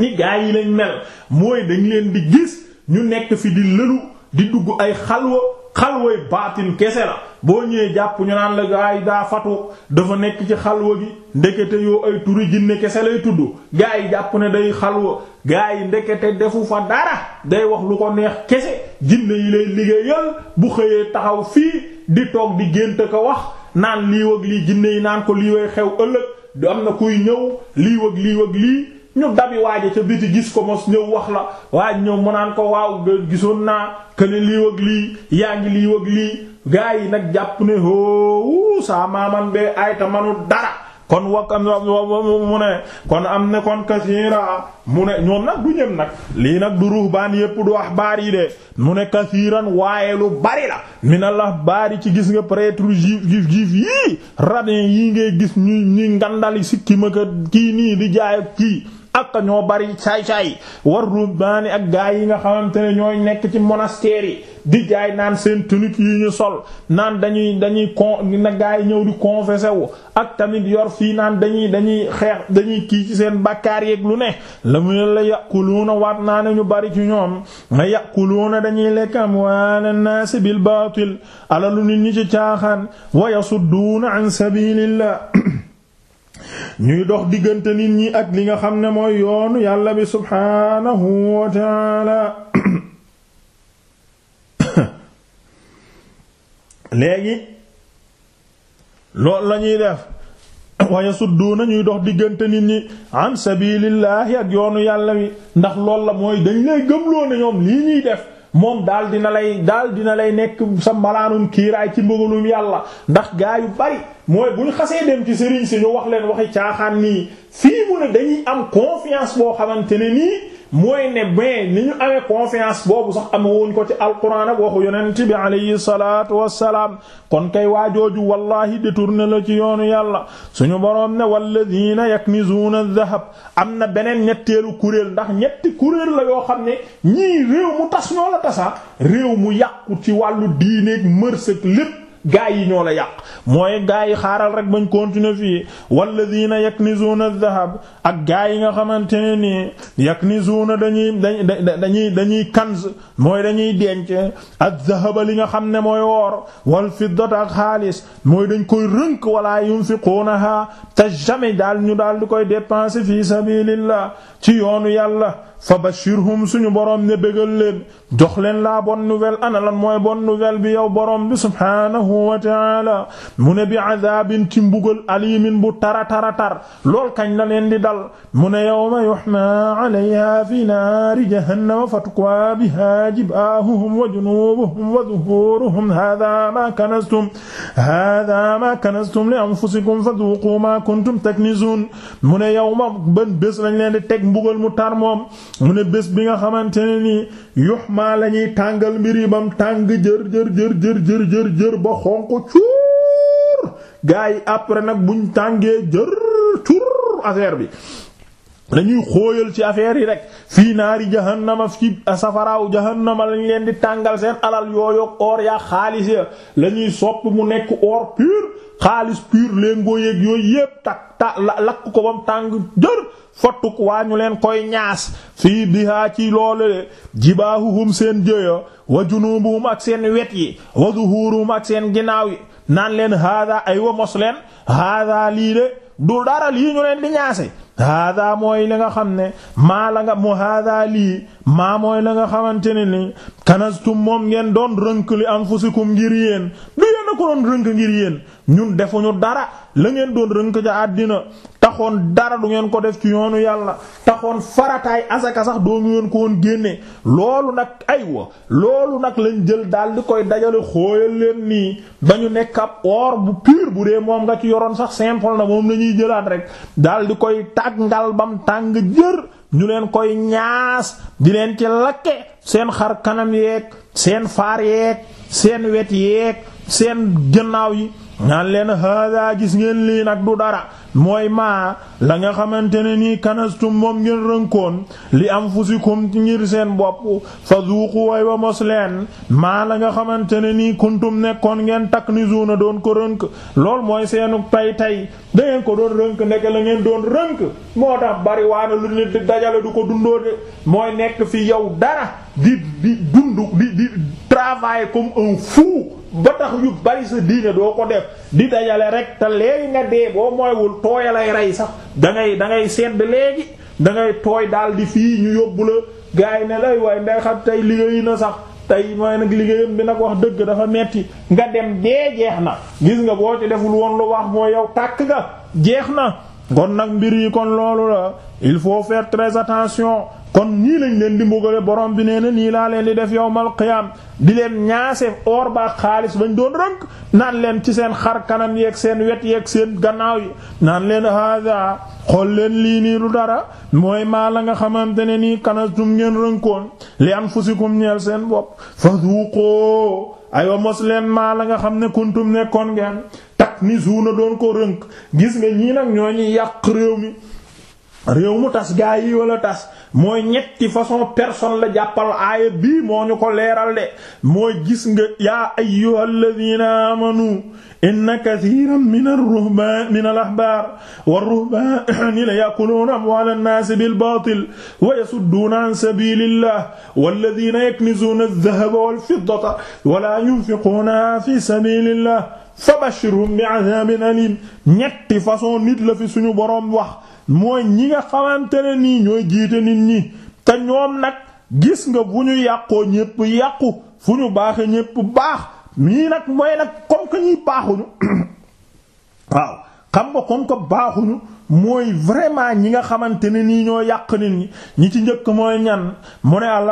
ni gaa yi lañ mel mooy dañ leen di gis ñu nekk fi di lëlu di dugg ay xalwa xalway baatin kese la boo ñëwee jàpp ñu naan la gaa yi daa fatu dafa nekk ci xalwa gi ndekete yoo ay turi jinne kese lay tudd gaa yi jàpp ne day xalwa gaa yi ndekete defu fa dara day wax lu ko neex kese jinne yi lay liggéeyal bu xëyee taxaw fii di toog di gént ko wax naan lii wëg lii jinne yi naan ko lii xew ëllëg du am na kuy ñëw lii wëg lii ñu dabi waaje ca biti gis ko mos ñëw wax la waaye ñëw mu naan ko waaw gisoon naa këne lii lii yaa ngi lii gaa yi nag jàpp ne hoo saa maaman bee ay manu dara kon wakk mu ne kon am ne kon kasiira mu ne ñoom nag du ñëm nag lii nag du ruhbaan yépp du ahbaar yi de mu ne kasiiran waaye lu bari la minal ahbaar yi ci gis nga prêtre juif juif juif yii rabbin yii ngay gis ñu ñuy ngandali sikki ma kii nii di jaay ak kii ak ñoo bari saay-saay war rubaani ak gaay yi nga xamante ne ñooy nekk ci monastères yi di jaay naan seen tunique yi ñu sol naan dañuy dañuy con na gaay yi ñëw di confessé wu ak tamit yor fii naan dañuy dañuy xeex dañuy kii ci seen bakkaar yeeg lu ne la mu ne la yàquluuna waat naa ne ñu bari ci ñoom nga yàquluuna dañuy lekk amwaala naasi bil baatil alalu nit ñi ci caaxaan wa yasudduuna an sabilillah ñuy dox diggante nit ñi ak li nga xam ne mooy yoonu yàlla bi subhaanahu wa taala léegi loolu lañuy def wa na ñuy dox diggante nit ñi an sabilillahi ak yoonu yàlla wi ndax lool la mooy dañ lay gëmloo ne ñoom lii ñuy def moom daal na lay daal na lay nekk sa malaanum kiiraay ci mbugalum yàlla ndax gaa yu bari mooy bu ñu xasee dem ci sëriñ si ñu wax leen waxi caaxaan nii fii mu ne dañuy am confiance boo xamante ne nii mooy ne mais ni ñu amee confiance boobu sax am woon ko ci alquran ak waxu yonent bi alayhi salaatu wassalaam kon kay waajooju wallahi détourné la ci yoonu yàlla suñu boroom ne walladina yaknizuuna adh-dhahab am na beneen ñetteelu kuréel ndax ñetti kuréel la yoo xam ne ñii réew mu tas ñoo la tasaa réew mu yàqu ci wàllu diineeg mërsëg lépp gaa yi ñoo la yàq mooy gaa yi xaaral rek bañ continuer fii walladina yaknizuna adh-dhahab ak gaa yi nga xamante ne nii yaknizuna dañuy dañuy dañuy kanz mooy dañuy denc adh-dhahab li nga xam ne mooy woor wal fiddata ak xaalis mooy dañ koy rënk wala yunfiqunaha te jamais daal ñu daal di koy dépenser fi sabilillah ci yoonu yàlla fa bashirhum suñu borom ne bégal leen jox leen la bonne nouvelle ana lan mooy bonne nouvelle bi yow borom bi subhaanahu wa taala mu ne bi adabin ci mbugal alimin bu tara tara tar lool kañ la leen di dal mu ne yawma yuhma alayha fi naari jahannama fatukwa biha jibahuhum wa junubuhum wa zuhuruhum hadha ma kanastum hadha ma kanastum li anfusikum fadhuqu ma kuntum taknizun mu ne yawma ban bés lañ leen di teg mbugal mu tar moom mu ne bés bi nga xamante ne nii yuxmaa la ñuy tàngal mbir yi bam tàng jër jër jër jër jër jër ba xonq cuur gaa yi après nag buñ tàngee jër cuur affaire bi dañuy xooyal ci affaire yi rek fii naari jahannama ci safaraaw jahannama lañ leen di tàngal seen alal yooyoog or yaa xaalis ya la ñuy mu nekk or pur xaalis pur leen ngoo yéeg yooyu yépp takk ta lakk ko bam tàng jër fottuk waa ñu leen koy ñaas fii bihaa ci loolu le jibaahuhum seen jëya wa junuubuhum ak seen wet yi wa zuhuuruhum ak seen ginnaaw yi naan leen haada ay wa mos leen haada lii de du dara lii leen di ñaase haada mooy li nga xam ne maa la nga mu haada lii maa mooy la nga xamante ne ni kanastum moom ngeen doon rënk li am fusikum ngir yéen du yéen ko doon rënk ngir yéen ñun defuñu dara la ngeen doon rënk ca àddina taxoon dara du ngeen ko def ci yoonu yàlla taxoon farataay asaka sax doo ngeen ko woon génne loolu nag aywa loolu nag lañ jël daal di koy dajale xooyal leen nii ba ñu nekk ab or bu pur bu dee moom nga ci yoroon sax simple na moom la ñuy jëlaat rek daal di koy tàngal bam tàng jër ñu leen koy ñaas di leen ci lakke seen xar kanam yeeg seen faar yeeg seen wet yeeg seen gannaaw yi naan leen hada gis ngeen lii nag du dara mooy maa la nga xamante ne nii kanastum moom ngeen rënkoon li am fusikum ngir seen bopp fa zuuqu way wa mos leen maa la nga xamante ne nii kuntum nekkoon ngeen takk taknizuuna doon ko rënk lool mooy seenu tay tay da ko doon rënk nekk la ngeen doon rënk moo tax bari waana lu nit dajale du ko dundoo de mooy nekk fi yow dara di di dund di di travailler comme un fou ba tax yu bari sa diine doo ko def di dajale rek te léegi nga dee boo mooywul tooyalay rey sax da ngay da ngay sedd léegi dangay tooy daal di fii ñu yóbbu la gars yi ne lay waaye nday xam tey liggéey na sax tey mooy nag liggéeyam bi nag wax dëgg dafa metti nga dem dee jeex na gis nga boo ci deful woon lu wax mooy yow tàkk nga jeex na kon nag mbir yi kon loolu la il faut faire très attention kon nii lañ leen di mbugale borom bi nee na nii laa leen di def yowmal qiyaam di leen ñaase or ba xaalis bañ doon rënk naan leen ci seen xar kanam yeeg seen wet yeeg seen gannaaw yi naan leen hada xool leen lii nii du dara mooy maa la nga xamante ne nii kanastum ngeen rënkoon li anfusikum ñeel seen bopp fazuqoo aywa mos leen maa la nga xam ne kuntum nekkoon ngeen takk ni zuuna doon ko rënk gis nga ñii nag ñoo ñuy yàq réew mi réew mu tas gaa yi wala tas mooy ñetti façon personne la jàppal aaya bii moo ñu ko leeral de mooy gis nga yaa ayyuhal ladina amanu inna kathiran min ar-ruhban min al-ahbar war-ruhbani la ya'kuluna amwala an-nasi bil-batil wa yasudduna an sabilillah walladina yaknizuna adh-dhahaba wal-fiddata wa la yunfiquna fi sabilillah fabashirhum bi'adhabin alim ñetti façon nit la fi suñu boroom wax mooy ñi nga xamante ne nii ñooy jiite nit ñi te ñoom nag gis nga bu ñu yàqoo ñépp yàqu fu ñu baaxee ñépp baax ñii nag mooy nag comme que ñuy baaxuñu waaw xam nga comme que baaxuñu mooy vraiment ñi nga xamante ne nii ñoo yàq nit ñi ñi ci njëkk mooy ñan mu ne al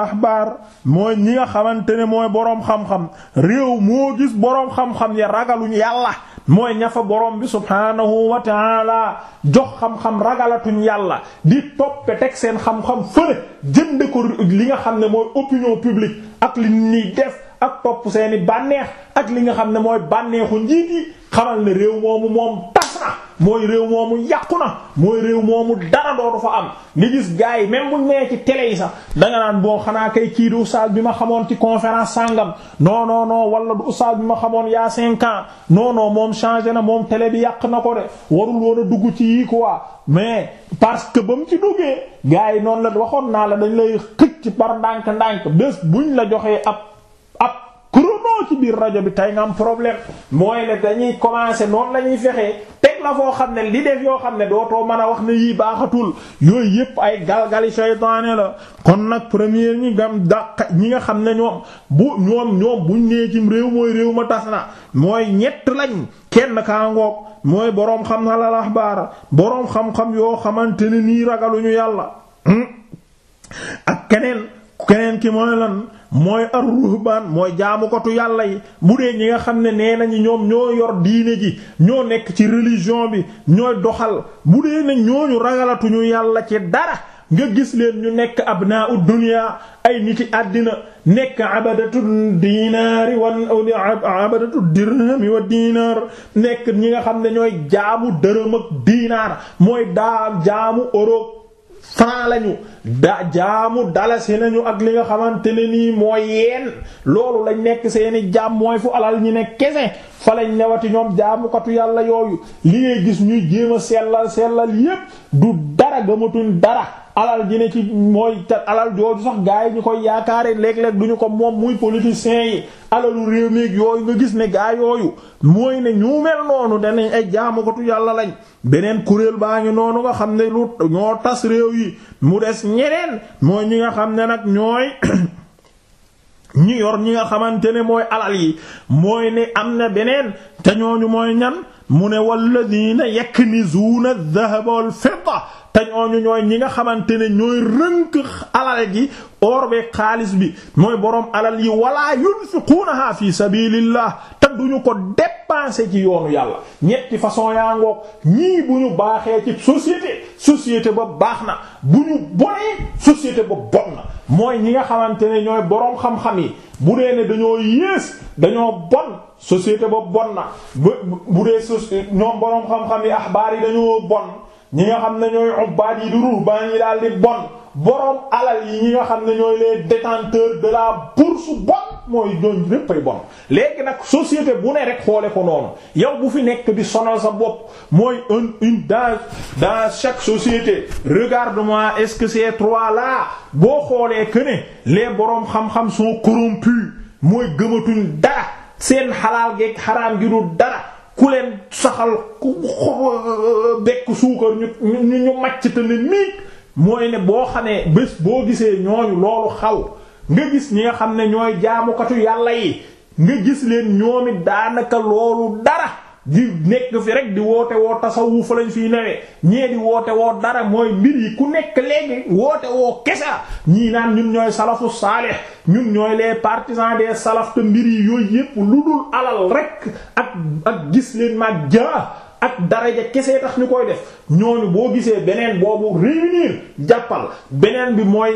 mooy ñi nga xamante ne mooy boroom xam-xam réew moo gis boroom xam-xam ya ragaluñu yàlla. mooy ñafa borom bi subhaanahu wa taala jox xam-xam ragalatuñ yàlla di toppe teg seen xam-xam fële jënde ko li nga xam ne mooy opinion publique ak li ñuy def ak topp seeni bànneex ak li nga xam ne mooy bànneexu njiit yi xamal ne réew moomu moom na mooy réew moomu yàqu na mooy réew moomu dara dootu fa am nga gis gars yi même buñ nee ci yi sax danga naan boo xanaa kay kii du oustaz bi ma xamoon ci conférence sàngam non non wala du ma xamoon y a cinq moom changé na moom tele bi yàq na ko de warul woon a dugg ci yii quoi mais parce que ba mu ci duggee gars yi noonu la waxoon naa la dañ lay xëcc par ndànk-ndànk bés buñ la joxee ab. non ci biir rajo bi tey nga am problème mooy ne dañuy commencer noonu la ñuy fexee teg la foo xam ne li def yoo xam ne dootoo mën a wax ne yii baaxatul yooyu yépp ay galgali seytaane la kon nag premier ñi gam dàq ñi nga xam ne ñoom bu ñoom ñoom buñ nee cim réew mooy réew ma tas na mooy ñett lañ kenn kaa ngoog mooy boroom xam na la axbaara boroom xam-xam yoo xamante ne nii ragaluñu yàlla ak keneen keneen ki mooy lan mooy ar-ruhbaan mooy jaamukatu yàlla yi bu dee ñi nga xam ne nee nañu ñoom ñoo yor diine ji ñoo nekk ci religion bi ñooy doxal bu dee ne ñooñu ragalatuñu yàlla ci dara nga gis leen ñu nekk abnaa dunya ay niti àddina nekk abadatu dinaari wa abadatu dirhami wa dinaar nekk ñi nga xam ne ñooy jaamu dërëm ak dinaar mooy daa jaamu euro franc lañu da jaamu dalasi nañu ak li nga xamante ne nii mooy yeen loolu lañ nekk seeni jaam mooy fu alal ñi ne kese fa lañ newati ñoom jaamukatu yàlla yooyu li ngay gis ñuy jéem a sellal sellal yépp du dara gëmatuñ dara alal ji ne ci mooy te alal jooju sax gars yi ñu koy yaakaare léeg-léeg du ñu ko moom muy politiciens yi alalu réew néeg yooyu nga gis ne gaa yooyu mooy ne ñu noonu danañ ay jaamukatu yàlla lañ beneen kuréel baa ngi noonu nga xam ne lu ñoo tas réew yi mu des ñeneen mooy ñi nga xam ne nag ñooy ñi yor ñi nga xamante ne mooy alal yi mooy ne am na beneen te ñooñu mooy ñan mu ne walladina yaknizuuna adh-dhahaba wal-fidda te ñooñu ñooy ñi nga xamante ne ñooy rënk alal gi or xaalis bi mooy boroom alal yi wala yunfiquunaha fi sabilillah te duñu ko dépenser ci yoonu yàlla ñetti façon yaa ngoog ñii bu ñu baaxee ci société société ba baax na bu ñu bonee société ba bon na mooy ñi nga xamante ne ñooy boroom xam-xam yi bu dee ne dañoo yées dañoo bon société boobu bon na bu bu dee société ñoom boroom xam-xam yi axbaar yi dañoo bon ñi nga xam ne ñooy ubbaat yi di ruhbaan yi bon boroom alal yi ñi nga xam ne ñooy les de la bourse bon mooy ñooñ lépp bon léegi nag société bu ne rek xoole ko noonu yow bu fi nekk di sonal sa bopp mooy un une dans dans chaque société regarde-moi est-ce que ces trois là boo xoolee que ne les boroom xam-xam sont corrompus mooy gëmatuñ dara seen xalaal geeg xaraam gi du dara ku leen saxal ku bekk suukar ñu ñu ñu màcc te ne mooy ne boo xamee bés boo gisee ñooñu loolu xaw nga gis ñi nga xam ne ñooy jaamukatu yàlla yi nga gis leen ñoomit daanaka loolu dara di nekk fi rek di woote woo tasawuf fa lañ fiy newee ñee di woote woo dara mooy mbir yi ku nekk léegi woote woo kesa ñii naan ñun ñooy salafu saalih ñun ñooy les partisans des salaf te mbir yi yooyu yépp lu dul alal rek ak ak gis leen mag ja ak daraja kese tax ñu koy def ñooñu boo gisee beneen boobu réunir jàppal beneen bi mooy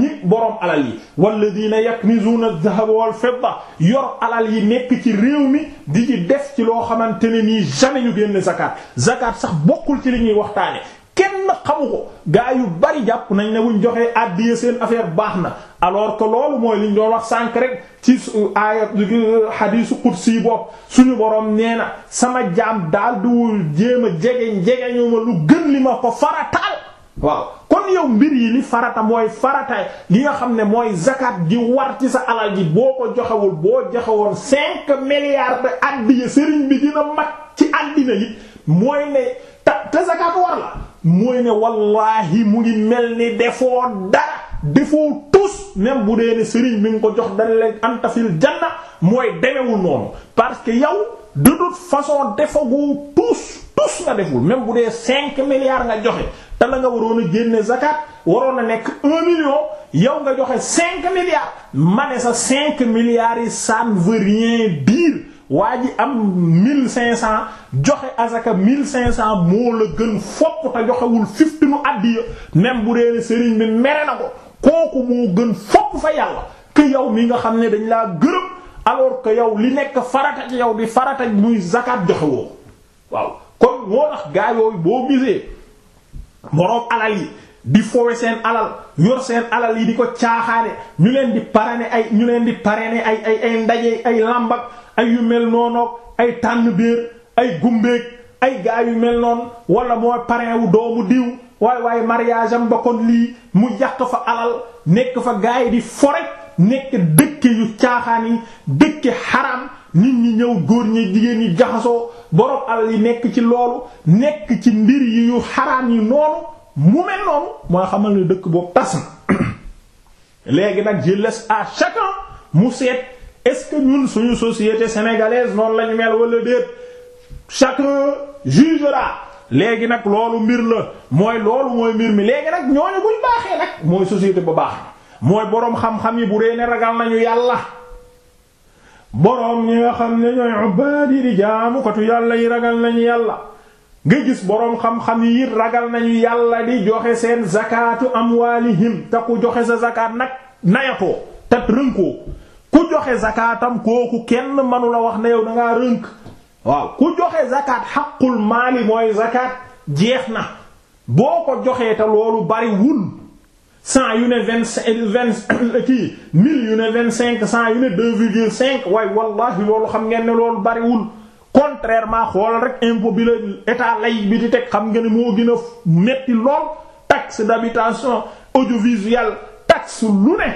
ñi boroom alal yi walladina yaknizuna adh-dhahaba wal fidda yor alal yi nekk ci réew mi di ci def ci loo xamante ne nii jamais ñu génn zakat zakat sax bokkul ci li ñuy waxtaane kenn xamu ko gaa yu bari jàpp nañ ne buñ joxee àddiya seen affaire baax na alors que loolu mooy liñ doon wax sànk rek ci euh, aaya euh, xadiisu qudsi bopp suñu borom nee na sama jaam daal duwul jéem a jegeñ jegeñu ma lu gën li ma ko farataal waaw kon yow mbir yi li farata mooy farataay li nga xam ne mooy zakat gi war ci sa alal ji boo ko joxewul boo joxewoon cinq milliards de àddiya sëriñ bi dina mag ci àddina yi mooy ne te te war la mooy ne wallaahi mu ngi mel ni defoo dara defoo tus même bu dee ne sëriñ bi nga ko jox dana leen antafil janna mooy demewul noonu parce que yow de toute façon defagoo tus tus nga deful même bu dee cinq milliards nga joxe te la nga waroon a génne zakat waroon a nekk un million yow nga joxe cinq milliards ma ne sa cinq milliards yi ça ne veut waa ji am cent joxe cinq cent moo la gën fopp te joxewul fifty nu àddiya même bu dee sëriñ bi mere na ko kooku moo gën fopp fa yàlla que yow mi nga xam ne dañ laa gërëm alors que yow li nekk farata ci yow di farata muy zakat joxe woo waaw kon moo tax gaa yooyu boo gisee boroom alal yi di fowe seen alal yor seen alal yi di ko caaxaane ñu leen di parrainer ay ñu leen di pare ay ay ay ndaje ay làmbak ay yu mel noonoog ay tànn biir ay gumbeeg ay gaa yu mel noonu wala mooy parrain wu doomu diw waaye waaye mariage am ba kon lii mu yàq fa alal nekk fa gaa yi di fore nekk dëkk yu caaxaan yi dëkk xaram nit ñi ñëw góor ñi jigéen ñi jaxasoo borom alal yi nekk ci loolu nekk ci mbir yi yu xaraam yi noonu mu mel noonu mooy xamal ne dëkk boobu tas na léegi nag je laisse à chacun mu seet est-ce que ñun suñu société sénégalaise noonu lañu mel wala déet chacun jugera léegi nag loolu mbir la mooy loolu mooy mbir mi léegi nag ñooñu buñ baaxee nag mooy société ba baax mooy boroom xam-xam yi bu dee ragal nañu yàlla boroom ñi nga xam ne ñooy ubbaadi di jaamukatu yàlla yi ragal nañu yàlla nga gis boroom xam-xam yi ragal nañu yàlla di joxe seen zakatu amwaalihim te ku joxe sa zakat nag nayatoo te rënkoo ku joxe zakaatam kooku kenn mënu la wax ne yow da rënk waaw ku joxe zakat xaqul maali mooy zakat jeex na boo ko joxee te loolu bari wul yu ne vingt cinq vingt kii mille yu ne vingt cinq cent yu ne deux virgule cinq waaye wallahi loolu xam ngeen ne loolu bariwul contrairement xoolal rek impôt bi la état lay bi di teg xam nga ne moo gën a metti lool taxe d'habitation audiovisuelle taxe lu ne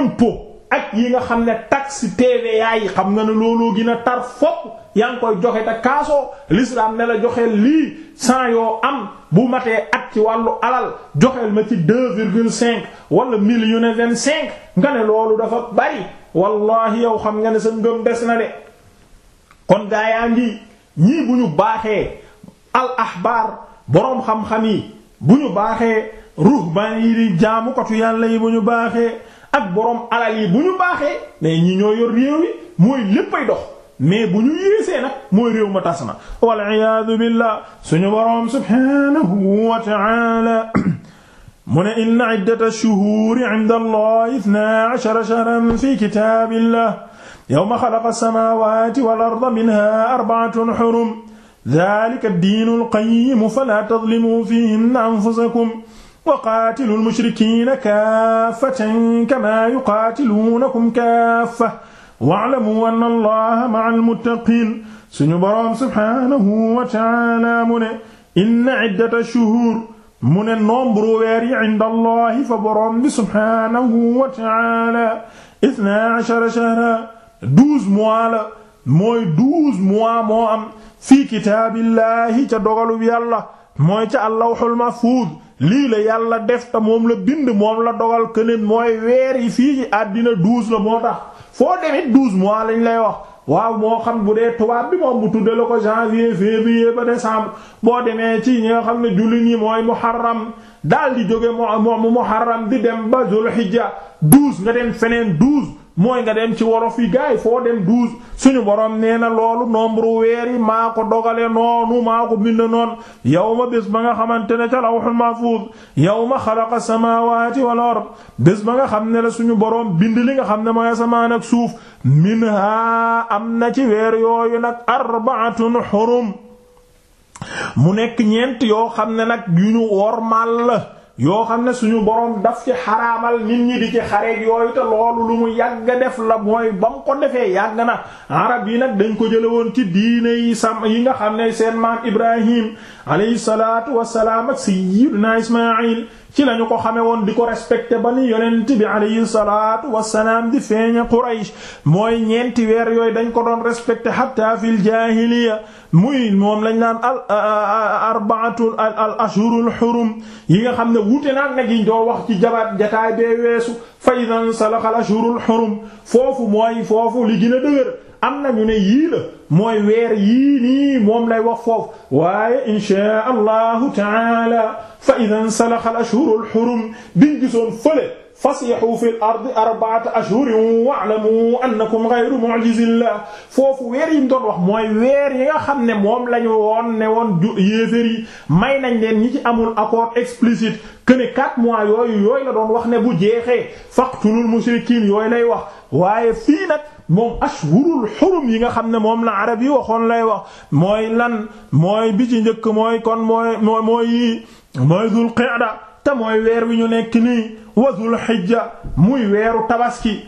impôt ak yi nga xam ne taxe TVA yi xam nga ne looloo gën a tar fopp yaa ngi koy joxe te kaasoo l'islam ne la joxeel lii sans yoo am bu matee ak ci wàllu alal joxeel ma ci deux virgule cinq wala million et vingt cinq nga ne loolu dafa bari wallahi yow xam nga ne sa ngëm des na de kon gaa yaa ngi ñii bu ñu baaxee al ahbar boroom xam-xam yi bu ñu baaxee ruhban yi di jaamukatu yàlla yi bu ñu baaxee ak borom alal yi bu ñu baaxee mais ñi ñoo yor réew yi mooy léppay dox mais bu ñu yéesee nag mooy réew ma tas na wal iyaadu billah suñu borom subhanahu wa ta'ala mu ne inna iddata shuhuuri inda allah ithnaa ashara shahran fi kitaabillah yawma xalaqa as-samaawaati wal arda minhaa arba'atun hurum dhaalika ad-diinul qayyim falaa tadhlimuu fiihinna anfusakum wa qaatilul mushrikiina kaaffatan kamaa yuqaatiluunakum kaaffa wa'lamuu anna Allaha ma'al muttaqiin suñu boroom subhaanahu wa ta'aala mu ne inna iddata shuhuur mu ne nombre weer yi inda Allahi fa boroom bi subhaanahu wa ta'aala isnaa ashara shahran douze mois la mooy douze mois moo am fii kitaabillahi ca dogalu yàlla mooy ca al-lawhul mahfuuz lii la yàlla def te moom la bind moom la dogal que mooy weer yi fii ci àddina douze la moo tax foo demit douze mois lañ lay wax waaw moo xam bu dee tubaab bi moom bu tudde la ko janvier février ba décembre boo demee ci ñi nga xam ne jullit ñi mooy muharram daal di jóge moo mu muharram di dem ba zulhijja douze nga dem feneen douze mooy nga dem ci worof yi gaay foo dem douze suñu borom nee na loolu nombre weer yi maa ko dogale noonu maa ko noon noonu yow ma bés ba nga xamante ne ca lawhul mahfuz yow ma xalaqa samawati wal ard bés ba nga xam ne la suñu borom bind li nga xam ne mooy asamaan ak suuf minha am na ci weer yooyu nag arbaatun xurum mu nekk ñeent yoo xam ne nag yu ñu wormal la yoo xam ne suñu boroom daf ci xaraamal nit ñi di ci xareet yooyu te loolu lu mu yàgg def la mooy ba mu ko defee yàgg na arab yi nag dañ ko jële woon ci diine yi sam yi nga xam ne seen maam ibrahim alayhi salaatu wassalaam ak sayyidina ismail ci lañu ko xamee woon di ko respecté ba ni yonent bi alayhi salaatu wassalaam di feeña Quraysh mooy ñeenti weer yooyu dañ ko doon respecté hatta fil jaahiliya muy moom lañ naan al arba'atu al ashhurul wuute naan nag yiñ doo wax ci jabat jataay bee weesu fa idan salaxal ashurul xurum foofu mooy foofu li gën a dëgër am na ñu ne mooy weer yii nii moom lay wax foofu waaye inshaa allahu taala fa idan salaxal ashurul xurum biñ gisoon fële fasihu fil ardi arba'ata ashhurin wa'lamu annakum ghayru mu'jizillah foofu weer yi ñu doon wax mooy weer yi nga xam ne moom lañu woon ne woon ju yéeféer yi may nañ leen ñi ci amul accord explicite que ne quatre mois yooyu yooyu la doon wax ne bu jeexee faqtulul mushrikiin yooyu lay wax waaye fii nag moom ashhurul xurum yi nga xam ne moom la arab yi waxoon lay wax mooy lan mooy bi ci njëkk mooy kon mooy mooy mooy mooy Dul Qa'da te mooy weer wi ñu nekk nii wa zul xijja muy weeru tabaski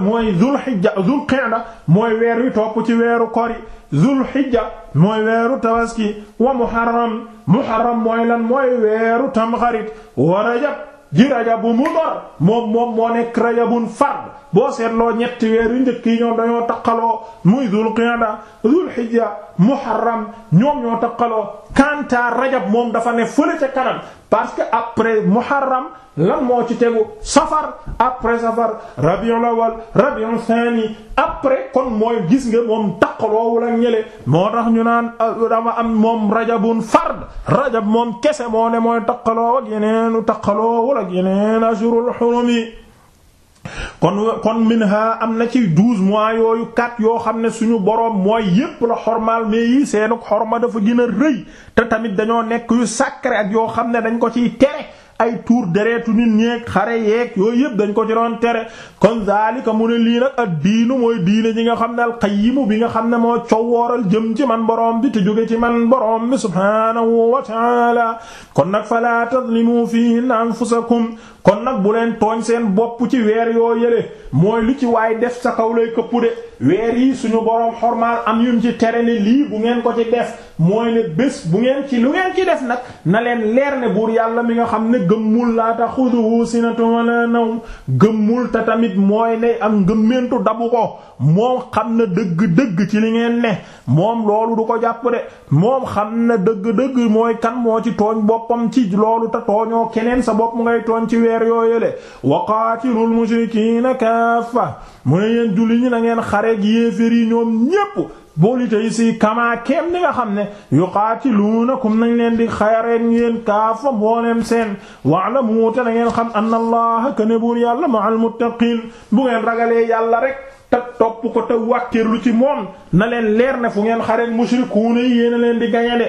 mooy zul xijja zul qa'da mooy weer wi topp ci weeru kori zul xijja mooy weeru tabaski wa muharram muharram mooy lan mooy weeru tamxarit wa rajab ji rajabu mudar moom moom moo nekk rajabun fard boo seetloo ñetti weeru njëkk yi ñoom dañoo taqaloo muy zul qa'da zul xijja muharram ñoom ñoo taqaloo kanta rajab moom dafa ne fële ca kanam parce que après muharram lan moo ci tegu safar après safar rabiul awal rabiul thani après kon mooy gis nga moom taqaloowu la ñële moo ñu naan euh, dama am moom rajabun fard rajab moon kese moo ne mooy taqaloo ak u taqaloo ak yeneen ashurul hurum kon kon minha am na ci douze mois yooyu kat yoo xam ne suñu boroom mooy yépp la xormaal mais yi seenug xorma dafa gën rëy te tamit dañoo nekk yu sacré ak yoo xam ne dañ ko ci tere ay tuur deretu nit ñeeg xare yeeg yooyu yëpp dañ ko ci doon tere kon zalika mu ne lii nag ak diinu mooy diine ñi nga xam ne alqayimu bi nga xam ne moo cowooral jëm ci man borom bi te jóge ci man borom bi subhanahu wa taala kon nag fala tadlimu fihin anfusakum kon nag bu leen tooñ seen bopp ci weer yoo yële mooy lu ci waay def sa kaw lay këppu de weer yi suñu boroom xormaal am yum ci tere ne lii bu ngeen ko ci def mooy ne bés bu ngeen ci lu ngeen ci des nag na leen leer ne buur yàlla mi nga xam ne gëmmul laa taxuduhu sinatun wala nawm gëmmul te tamit mooy ne ak ngëmmentu dabu ko moom xam na dëgg-dëgg ci li ngeen ne moom loolu du ko jàpp de moom xam na dëgg-dëgg mooy kan moo ci tooñ boppam ci loolu weer yooyele wa qaatilul mushrikiina kaaffa mu ne yéen julli ñi na ngeen xareeg yéefér yi ñoom ñépp boolite yi si kamaa keem ni nga xam ne yu yuqaatiluunakum nañ leen di xareeg yéen kaaffa mbooleem seen wa'lamu te na ngeen xam anna allaha kana buur yàlla ma'al muttaqiin bu ngeen ragalee yàlla rek te topp ko te lu ci moom na leen leer ne fu ngeen xareeg mushrikuuna yi yéena leen di gañale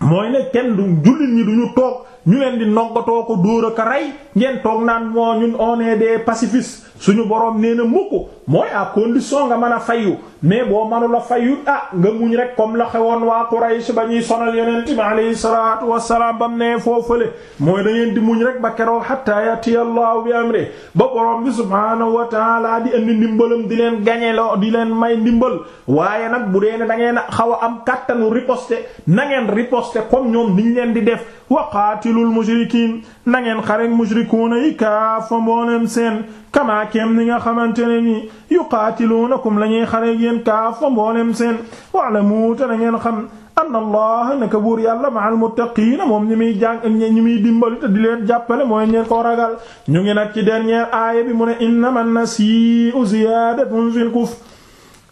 mooy ne kenn du jullit ñi duñu toog ñu leen di nongatoo ko dóor a ka rey ngeen toog naan moo ñun on est des pacifistes suñu borom nee na mukk mooy à condition nga man a fayu mais boo mënula fayu a ah, nga muñ rek comme la xewoon waa Quraysh ba ñuy sonal yonent bi alayhi salaatu wassalaam bam nee foofale mooy da ngeen di muñ rek ba keroog hatta yati Allahu bi amri ba borom bi subhaanahu wa ta'ala di indi ndimbalam di leen gañeloo di leen may ndimbal waaye nag bu dee a da ngeen xaw a am kàttanu riposte nangeen ngeen riposte comme ñoom niñ leen di def waqaatilul mushrikiin na ngeen xare mushrikuuna yi kaafa mbooleem seen kamaa kem ni nga xamante ne nii yuqaatiluunakum la ñuy xare yéen kaafa mboolem seen wa'lamu te na ngeen xam anna allah naka buur yàlla ma'al muttaqiina moom ñi muy jàng ñi muy dimbali te di leen jàppale mooy ñeen ko ragal ñu ngi nag ci dernière aaya bi mu ne innama nasii'u ziyaadatun fil kufr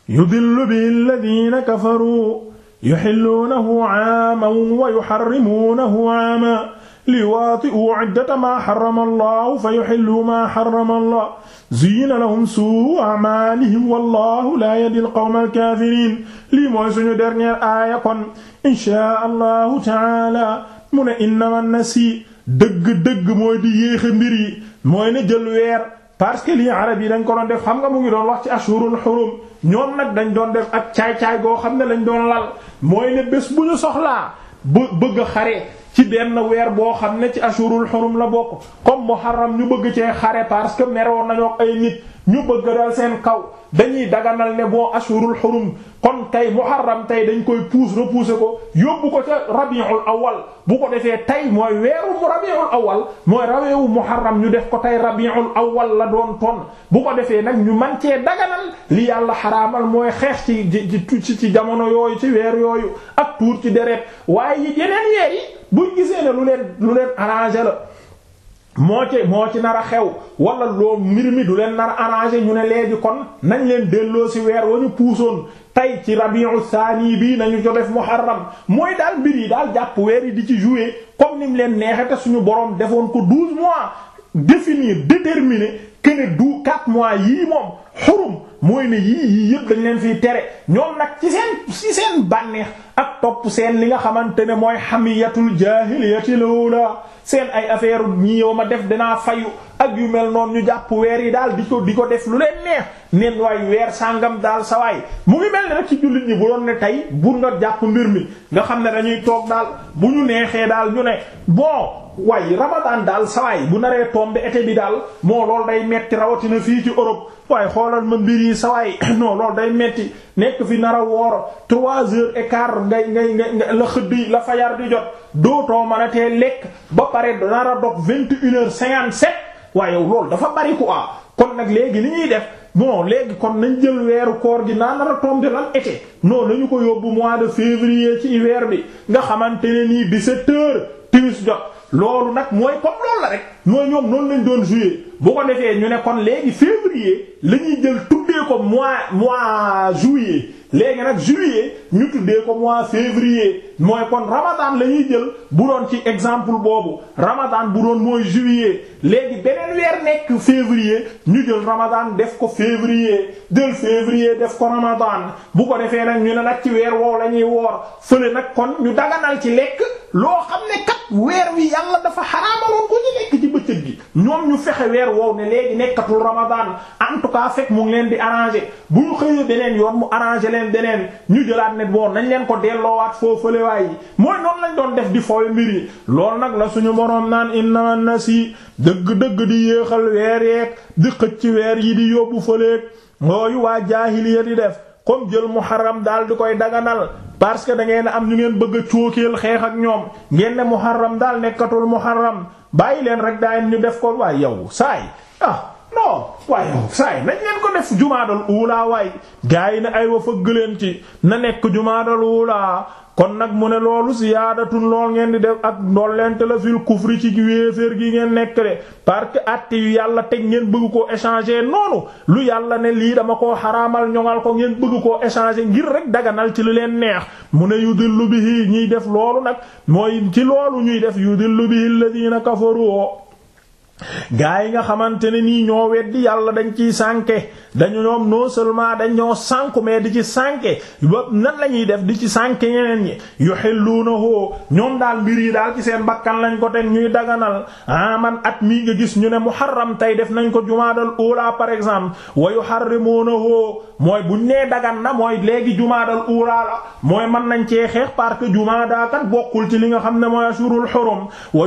yudillu bi alladhiina kafaru yuhilluunahu 'aaman wa yuharrimuunahu 'aaman liwaati'u 'iddata maa harrama Allahu fa yuhillu maa harrama Allah zuyina lahum suu'u a'maalihim wallaahu laa yahdil qawma al-kaafiriin lii mooy suñu dernière aaya kon inshaa Allahu ta'aala mu ne innama nasi dëgg-dëgg mooy di yéex a mbir yi mooy ne jël weer parce que lii arab yi dañ ko doon def xam nga mu ngi doon wax ci ashurul xurum ñoom nag dañ doon def ak caay-caay goo xam ne lañ doon lal mooy ne bés bu ñu soxlaa bëgg a xare ci benn weer boo xam ne ci ashurul xurum la bokk comme muharram ñu bëgg cee xare parce que meroon nañoo ay nit ñu bëgg dal seen kaw dañuy daganal ne boo ashurul xurum kon tey muharram tey dañ koy pousse repousser ko yóbbu ko ca rabiul awal bu ko defee tey mooy weeru rabiul awal mooy raweewu muharram ñu def ko tey rabiul awal la doon ton bu ko defee nag ñu man cee daganal li yàlla xaraamal mooy xeex ci ci ci jamono yooyu ci weer yooyu ak tuur ci deret waaye yeneen buñ gisee ne lu leen lu leen arrangé la moo ci moo ci nar a xew wala loo mbir mi du leen nar a arrangé ñu ne léegi kon nañ leen delloo ci weer wañu ñu puusoon tey ci rabiu saani bii nañu ko def muharram mooy daal mbir yi daal jàpp weer yi di ci jouer comme nim leen neexe suñu borom defoon ko douze mois définir déterminer que du quatre mois yii moom xurum mooy ne yii yii yëpp dañ leen fii tere ñoom nag ci seen ci seen bànneex ak topp seen li nga xamante ne mooy xam yatul xamiyatul jaahiliyati loola seen ay affaire ñi yow ma def danaa fayu ak yu mel noonu ñu jàpp weer yi daal di ko di ko def lu leen neex nen waay weer sàngam daal sawaay mu ngi mel ni rek ci jullit ñi bu doon ne tey bur nga jàpp mbir mi nga xam ne dañuy toog daal bu ñu neexee daal ñu ne bon. waaye ramadan daal sawaay bu naree tombe été bi daal moo loolu day metti rawatina fii ci Europe waaye xoolal ma mbir yi sawaay non loolu day metti nekk fi nar a woor trois heures et quart ngay ngay ngay la xëddi la fayar di jot dootoo mën a tee lekk ba pare nar a dog vingt et une heures cinquante sept waaye loolu dafa bari quoi kon nag léegi li ñuy def bon léegi kon nañ jël weeru koor gi naa nar a lan été non nañu ko yóbbu mois de février ci hiver bi nga xamante ne nii dix-sept heures timis jot loolu nag mooy comme loolu la rek mooy ñoom noonu lañ doon juillet bu ko defee ñu ne kon léegi février la ñuy jël tuddee ko mois mois juillet léegi nag juillet ñu tuddee ko mois février mooy kon ramadan la ñuy jël bu doon ci exemple boobu ramadan bu doon mooy juillet léegi beneen weer nekk février ñu jël ramadan def ko février jël février def ko ramadan bu ko defee nag ñu ne nag ci weer woow lañuy woor fële nag kon ñu daganal ci lekk loo xam ne kat weer wi yàlla dafa xaraamaloon ko ñu lekk ci bëccëg gi ñoom ñu fexe weer woow ne léegi nekkatul ramadan en tout cas fekk mu leen di arranger bu ñu xëyee beneen yoon mu arranger leen beneen ñu jëlaat ne bon nañ leen ko delloowaat foo fëlewaay yi mooy noonu lañ doon def di foowe mbir yi loolu nag la suñu boroom naan na nasi dëgg-dëgg di yéexal weer yeeg di xëcc weer yi di yóbbu fëleeg yooyu waa jaahiliya di def comme jël muharram daal di koy daganal parce que da ngeen am ñu ngeen bëgg a cookeel xeex ak ñoom ngeen ne muharram daal nekkatul muharram bàyyi leen rek daayen ñu def ko waay yow saay ah, non waaye saay nañ leen ko def jumaadal uulaa waay gars yi ne ay wa fëgg leen ci na nekk jumaadal uulaa kon nag mu ne loolu ziyaadatun lool ngeen di def ak ndolleente la fil kufri ci wéeféer gi ngeen nekk de parce que atte yu yàlla teg ngeen bëgg koo échanger noonu lu yàlla ne lii dama ko xaraamal ñoŋal ko ngeen bëgg koo échanger ngir rek daganal ci lu leen neex mu ne yudillu bihi ñuy def loolu nag mooy ci loolu ñuy def yudillu bihi alladhina kafaru gaa yi nga xamante ne nii ñoo weddi yàlla dañ ciy sànke dañu ñoom non seulement dañ ñoo sànku mais di ci sànke ba nan la ñuy def di ci sànke ñeneen ñi yu xelluuna hoo ñoom daal mbir yi daal ci seen mbakkan lañ ko teg ñuy daganal ah man at mii nga gis ñu ne muharram tey def nañ ko jumaadal ula par exemple wa yu harrimuuna hoo mooy buñ nee dagan na mooy léegi jumaadal ula la mooy mën nañ cee xeex parce que jumaa daa kat bokkul ci li nga xam ne mooy ashurul hurum wa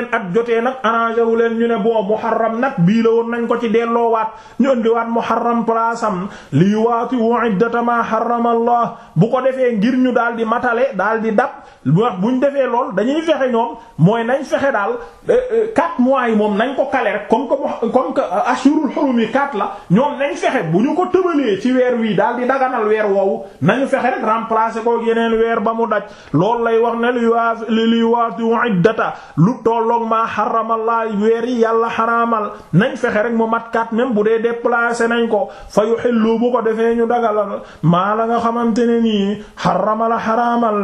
beneen at jotee nag arrangé wu leen ñu ne bon muharram nag bii la woon nañ ko ci delloowaat ñu indiwaat muharram palaasam lii waati wa iddata ma harrama Allah bu ko defee ngir ñu daal di matale daal di dab bu ñu defee lool dañuy fexe ñoom mooy nañ fexe daal euh, euh, quatre mois yi moom nañ ko kale rek comme que comme que euh, ashurul hurum yi quatre la ñoom nañ fexe bu ñu ko tëbalee ci weer wii daal di daganal weer woowu nañu fexe rek remplacer ko yeneen weer ba mu daj loolu lay wax ne wa iddata tolloog maa xaramallaa weer yi yàlla xaraamal nañ fexe rek mu matkat même bu dee déplacé nañ ko fa yu xillu bu ko defee ñu dagalal maa la nga xamante ne nii xaramala xaraamal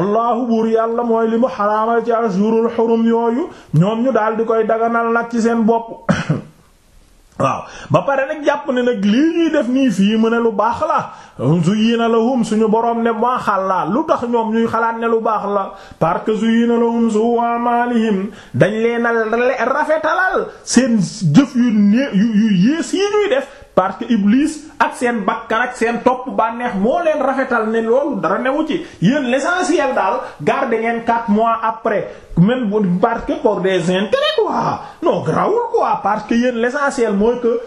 allahu buur yàlla mooy li mu xaraamal ci ashurul xurum yooyu ñoom ñu daal di koy daganal nag ci seen bopp waaw ba pare nag jàpp ne nag lii ñuy def nii fii mu ne lu baax la la lahum suñu boroom ne ma xalla lu tax ñoom ñuy xalaat ne lu baax la parce que zuyina lahum su amalihim dañ leen a rafetalal seen jëf yu ne yu yées yi ñuy def parce que Iblis ak seen bakkan ak seen topp bànneex moo leen rafetal ne loolu dara newu ci yéen l'essentiel daal garder ngeen quatre mois après même bu parce pour des intérêts quoi non grawul quoi parce que yéen l'essentiel mooy que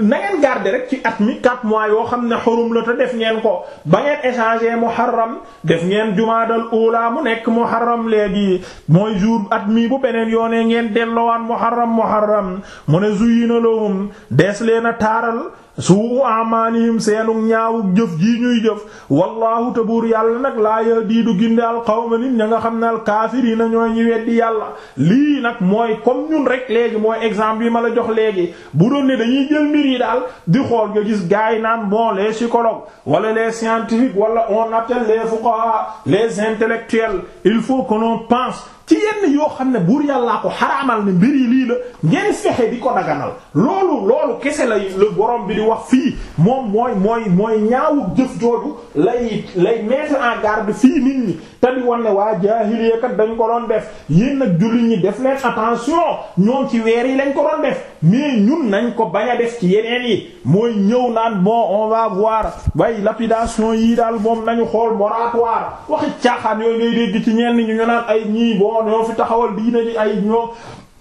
na ngeen rek ci at mi 4 mois yoo xam ne xurum la te def ngeen ko ba ngeen échanger muharram def ngeen jumaadal ula mu nekk muharram léegi mooy jour at mi bu beneen yoonee ngeen dellowaan muharram muharram mu ne zuyina lahum dees leen taaral suu amaanihim seenu ñaawuk jëf jii ñuy jëf te buur yàlla nag laa diidu du ginde alqawma nit ña nga xam ne alkaafiriina ñooy ñi weddi yàlla lii nag mooy comme ñun rek léegi mooy exemple yi ma la jox léegi bu doon ne dañuy jël mbir yi daal di xool nga gis gaay naan bon les psychologues wala les scientifiques wala on appelle les fuqaha les intellectuels il faut que l'on pense ci yenn yoo xam ne buur yàllaa ko xaraamal ne mbir yi lii la ngeen fexe di ko daganal loolu loolu kese la la borom bi di wax fii moom mooy mooy mooy ñaawu jëf jooju lay lay mettre en garde fii nit ñi te won wan ne waa jaahiliya kat dañ ko doon def yéen nag jullit ñi def leen attention ñoom ci weer yi lañ ko doon def mais ñun nañ ko bañ a def ci yeneen yi mooy ñëw naan bon on va voir way yii daal moom nañu xool moratoire waxi caaxaan yooyu ngay dégg ci ñu ñu naan ay bon ñoo fi taxawal diine ji ay ñoo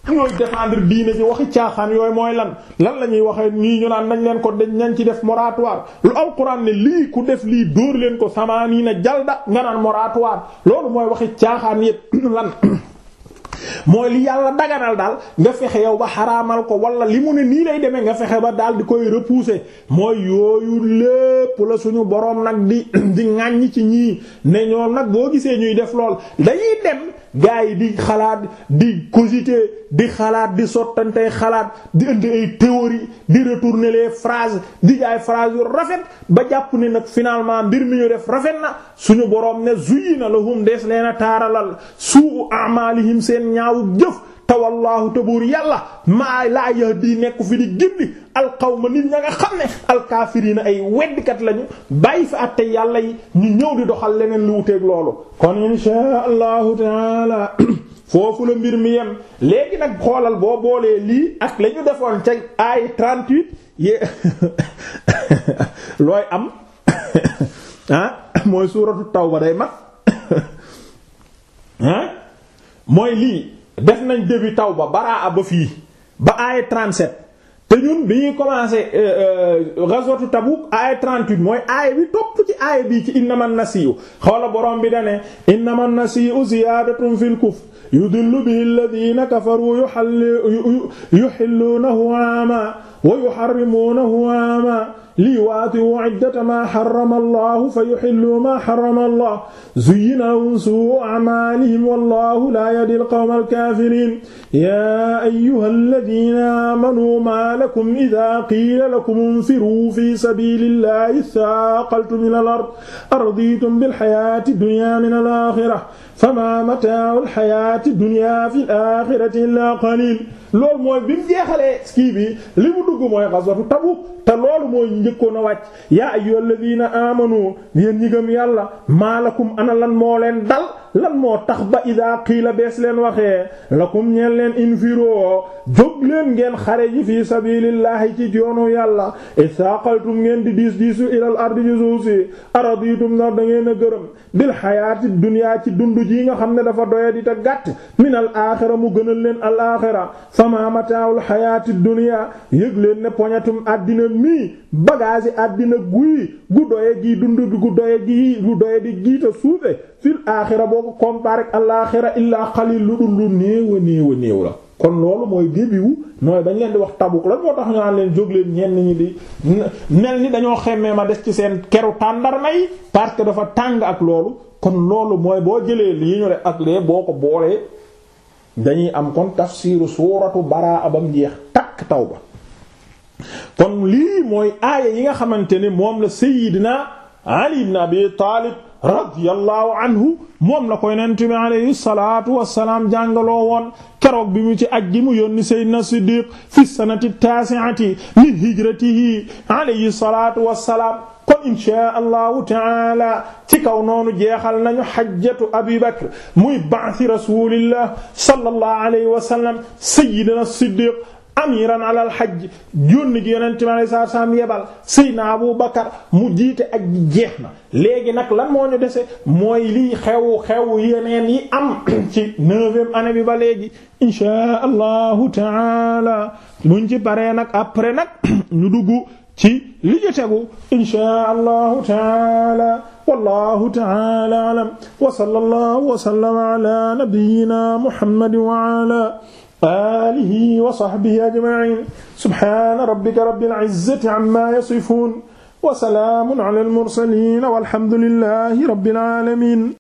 ñooy défendre diine ji waxi caaxaan yooyu mooy lan lan la ñuy waxee nii ñu naan nañ leen ko dañ nañ ci def moratoire lu alxuraan ne lii ku def lii dóor leen ko sama nii na jalda nga naan moratoire loolu mooy waxi caaxaan yépp lan mooy li yàlla daganal daal nga fexe yow ba xaraamal ko wala li mu ne nii lay demee nga fexe ba daal di koy repousser mooy yooyu lépp la suñu boroom nag di di ŋàññ ci ñii ne ñoom nag boo gisee ñuy def lool dañuy dem gaa yi di xalaat di cogiter di xalaat di sottantey xalaat di indi ay théorie di retourner les phrases di jaay phrase yu rafet ba jàpp ne nag finalement mbir mi ñu def rafet na suñu boroom ne zuyina lahum des leen a taaralal suu amalihim seen ñaawu jëf te wallaahu te buur yàlla ma laa bii nekku fi di gindi alqawma nit ña nga xam ne alkaafiriina ay weddikat lañu bàyyi fi àtte yàlla yi ñu ñëw di doxal leneen lu wuteeg loolu kon inshaa allahu taala foofu la mbir mi yem léegi nag xoolal boo boolee lii ak lañu defoon ca ay 38 ye looy am ah mooy suuratu taw tawba day mat ah mooy lii def nañ début taw ba baraa ba fii ba aaya 37 e te ñun bi ñuy commencé ghazwatu Tabuk aaya 38 mooy aaya e bi topp ci aaya e bi ci innaman nasiyu xawla borom bi dane innaman nasiyu ziyadatun fil kufr yudillu bihi alladhina kafaru yuhillunahu ama wa yuharrimunahu ama li yuwaati'u iddata maa harrama Allahu fa yuhillu maa harrama Allah zuyyina lahum suu'u a'maalihim wallaahu laa yahdil qawmal kaafiriin yaa ayyuhalladhiina aamanuu maa lakum idhaa qiila lakum infiruu fii sabiilillaahi ithaaqaltum ilal ardi ardiitum bilhayaati dunyaa minal aaxira fama mataaul xayaati dunya fil axirati illaa qaliil loolu mooy bi mu jeexalee kii bi li mu dugg mooy ghazwatu Tabuk te loolu mooy njëkkoon a wàcc yaa ayyuhal ladiina amanu yéen ñi gëm yàlla maalakum ana lan moo leen dal lan moo tax ba ida la bees leen waxee lakum ñeen leen infiro jóg ngeen xare ji fii sabilillahi ci yoonu yàlla isaaqaltum ngeen di diis diisu ilal ardi ci suuf si araditum na da ngeen a gërëm bil xayaati dunya ci dund ji nga xam ne dafa doya di te gàtt min al axira mu gënal leen al axira fama mataawul xayaati dunya yëg leen ne poñatum àddina mii bagage àddina guy gu doye gi dund gu doye gi gu doye di giita suufe fil aaxira boo ko comparé ak alaaxira illaa xalil lu dul lu néewa néewa néew la kon loolu mooy début wu mooy dañ leen di wax tabuk lan moo tax ñu naan leen jóg leen ñenn ñi di mel ni dañoo xemmee ma des ci seen keru tàndarma yi parce que dafa tàng ak loolu kon loolu mooy boo jëlee lii ñu ne ak lee boo ko boolee dañuy am kon tafsiru suuratu baraa abam jeex takk taw ba kon lii mooy aaya yi nga xamante ni moom la Seyyidina Ali ibn Abi Taalib radiyallahu anhu moom la koy nent bi alayhi salaatu wassalaam jàngaloo woon keroog bi mu ci aj gi mu yónni Seydina Siddiq fi sanati taasi'ati min hijratihi alayhi salaatu wassalaam kon inshaa allahu taala ci kaw noonu jeexal nañu xajjatu abi bakr muy ba'si rasulillah sallallahu alayhi wa sallam Seydina Siddiq amiran alal hajj yónni gi yonente mi alei sat salaam yebal Abu Bakar mu jiite ak jeex na léegi nag lan moo dese mooy lii xew xew yeneen yi am ci neuvième année bi ba léegi inshaa allahu taala buñ ci paree nag après nag ñu dugg ci li ci tegu inshaa allahu taala wallahu taala alam wa sallallahu wa sallama ala nabiyyina muhammad wa ala alihi wa sahbihi ajma'in subhana rabbika rabbil izzati amma yasifun wa salamun ala al mursalin walhamdulillahi rabbil alamin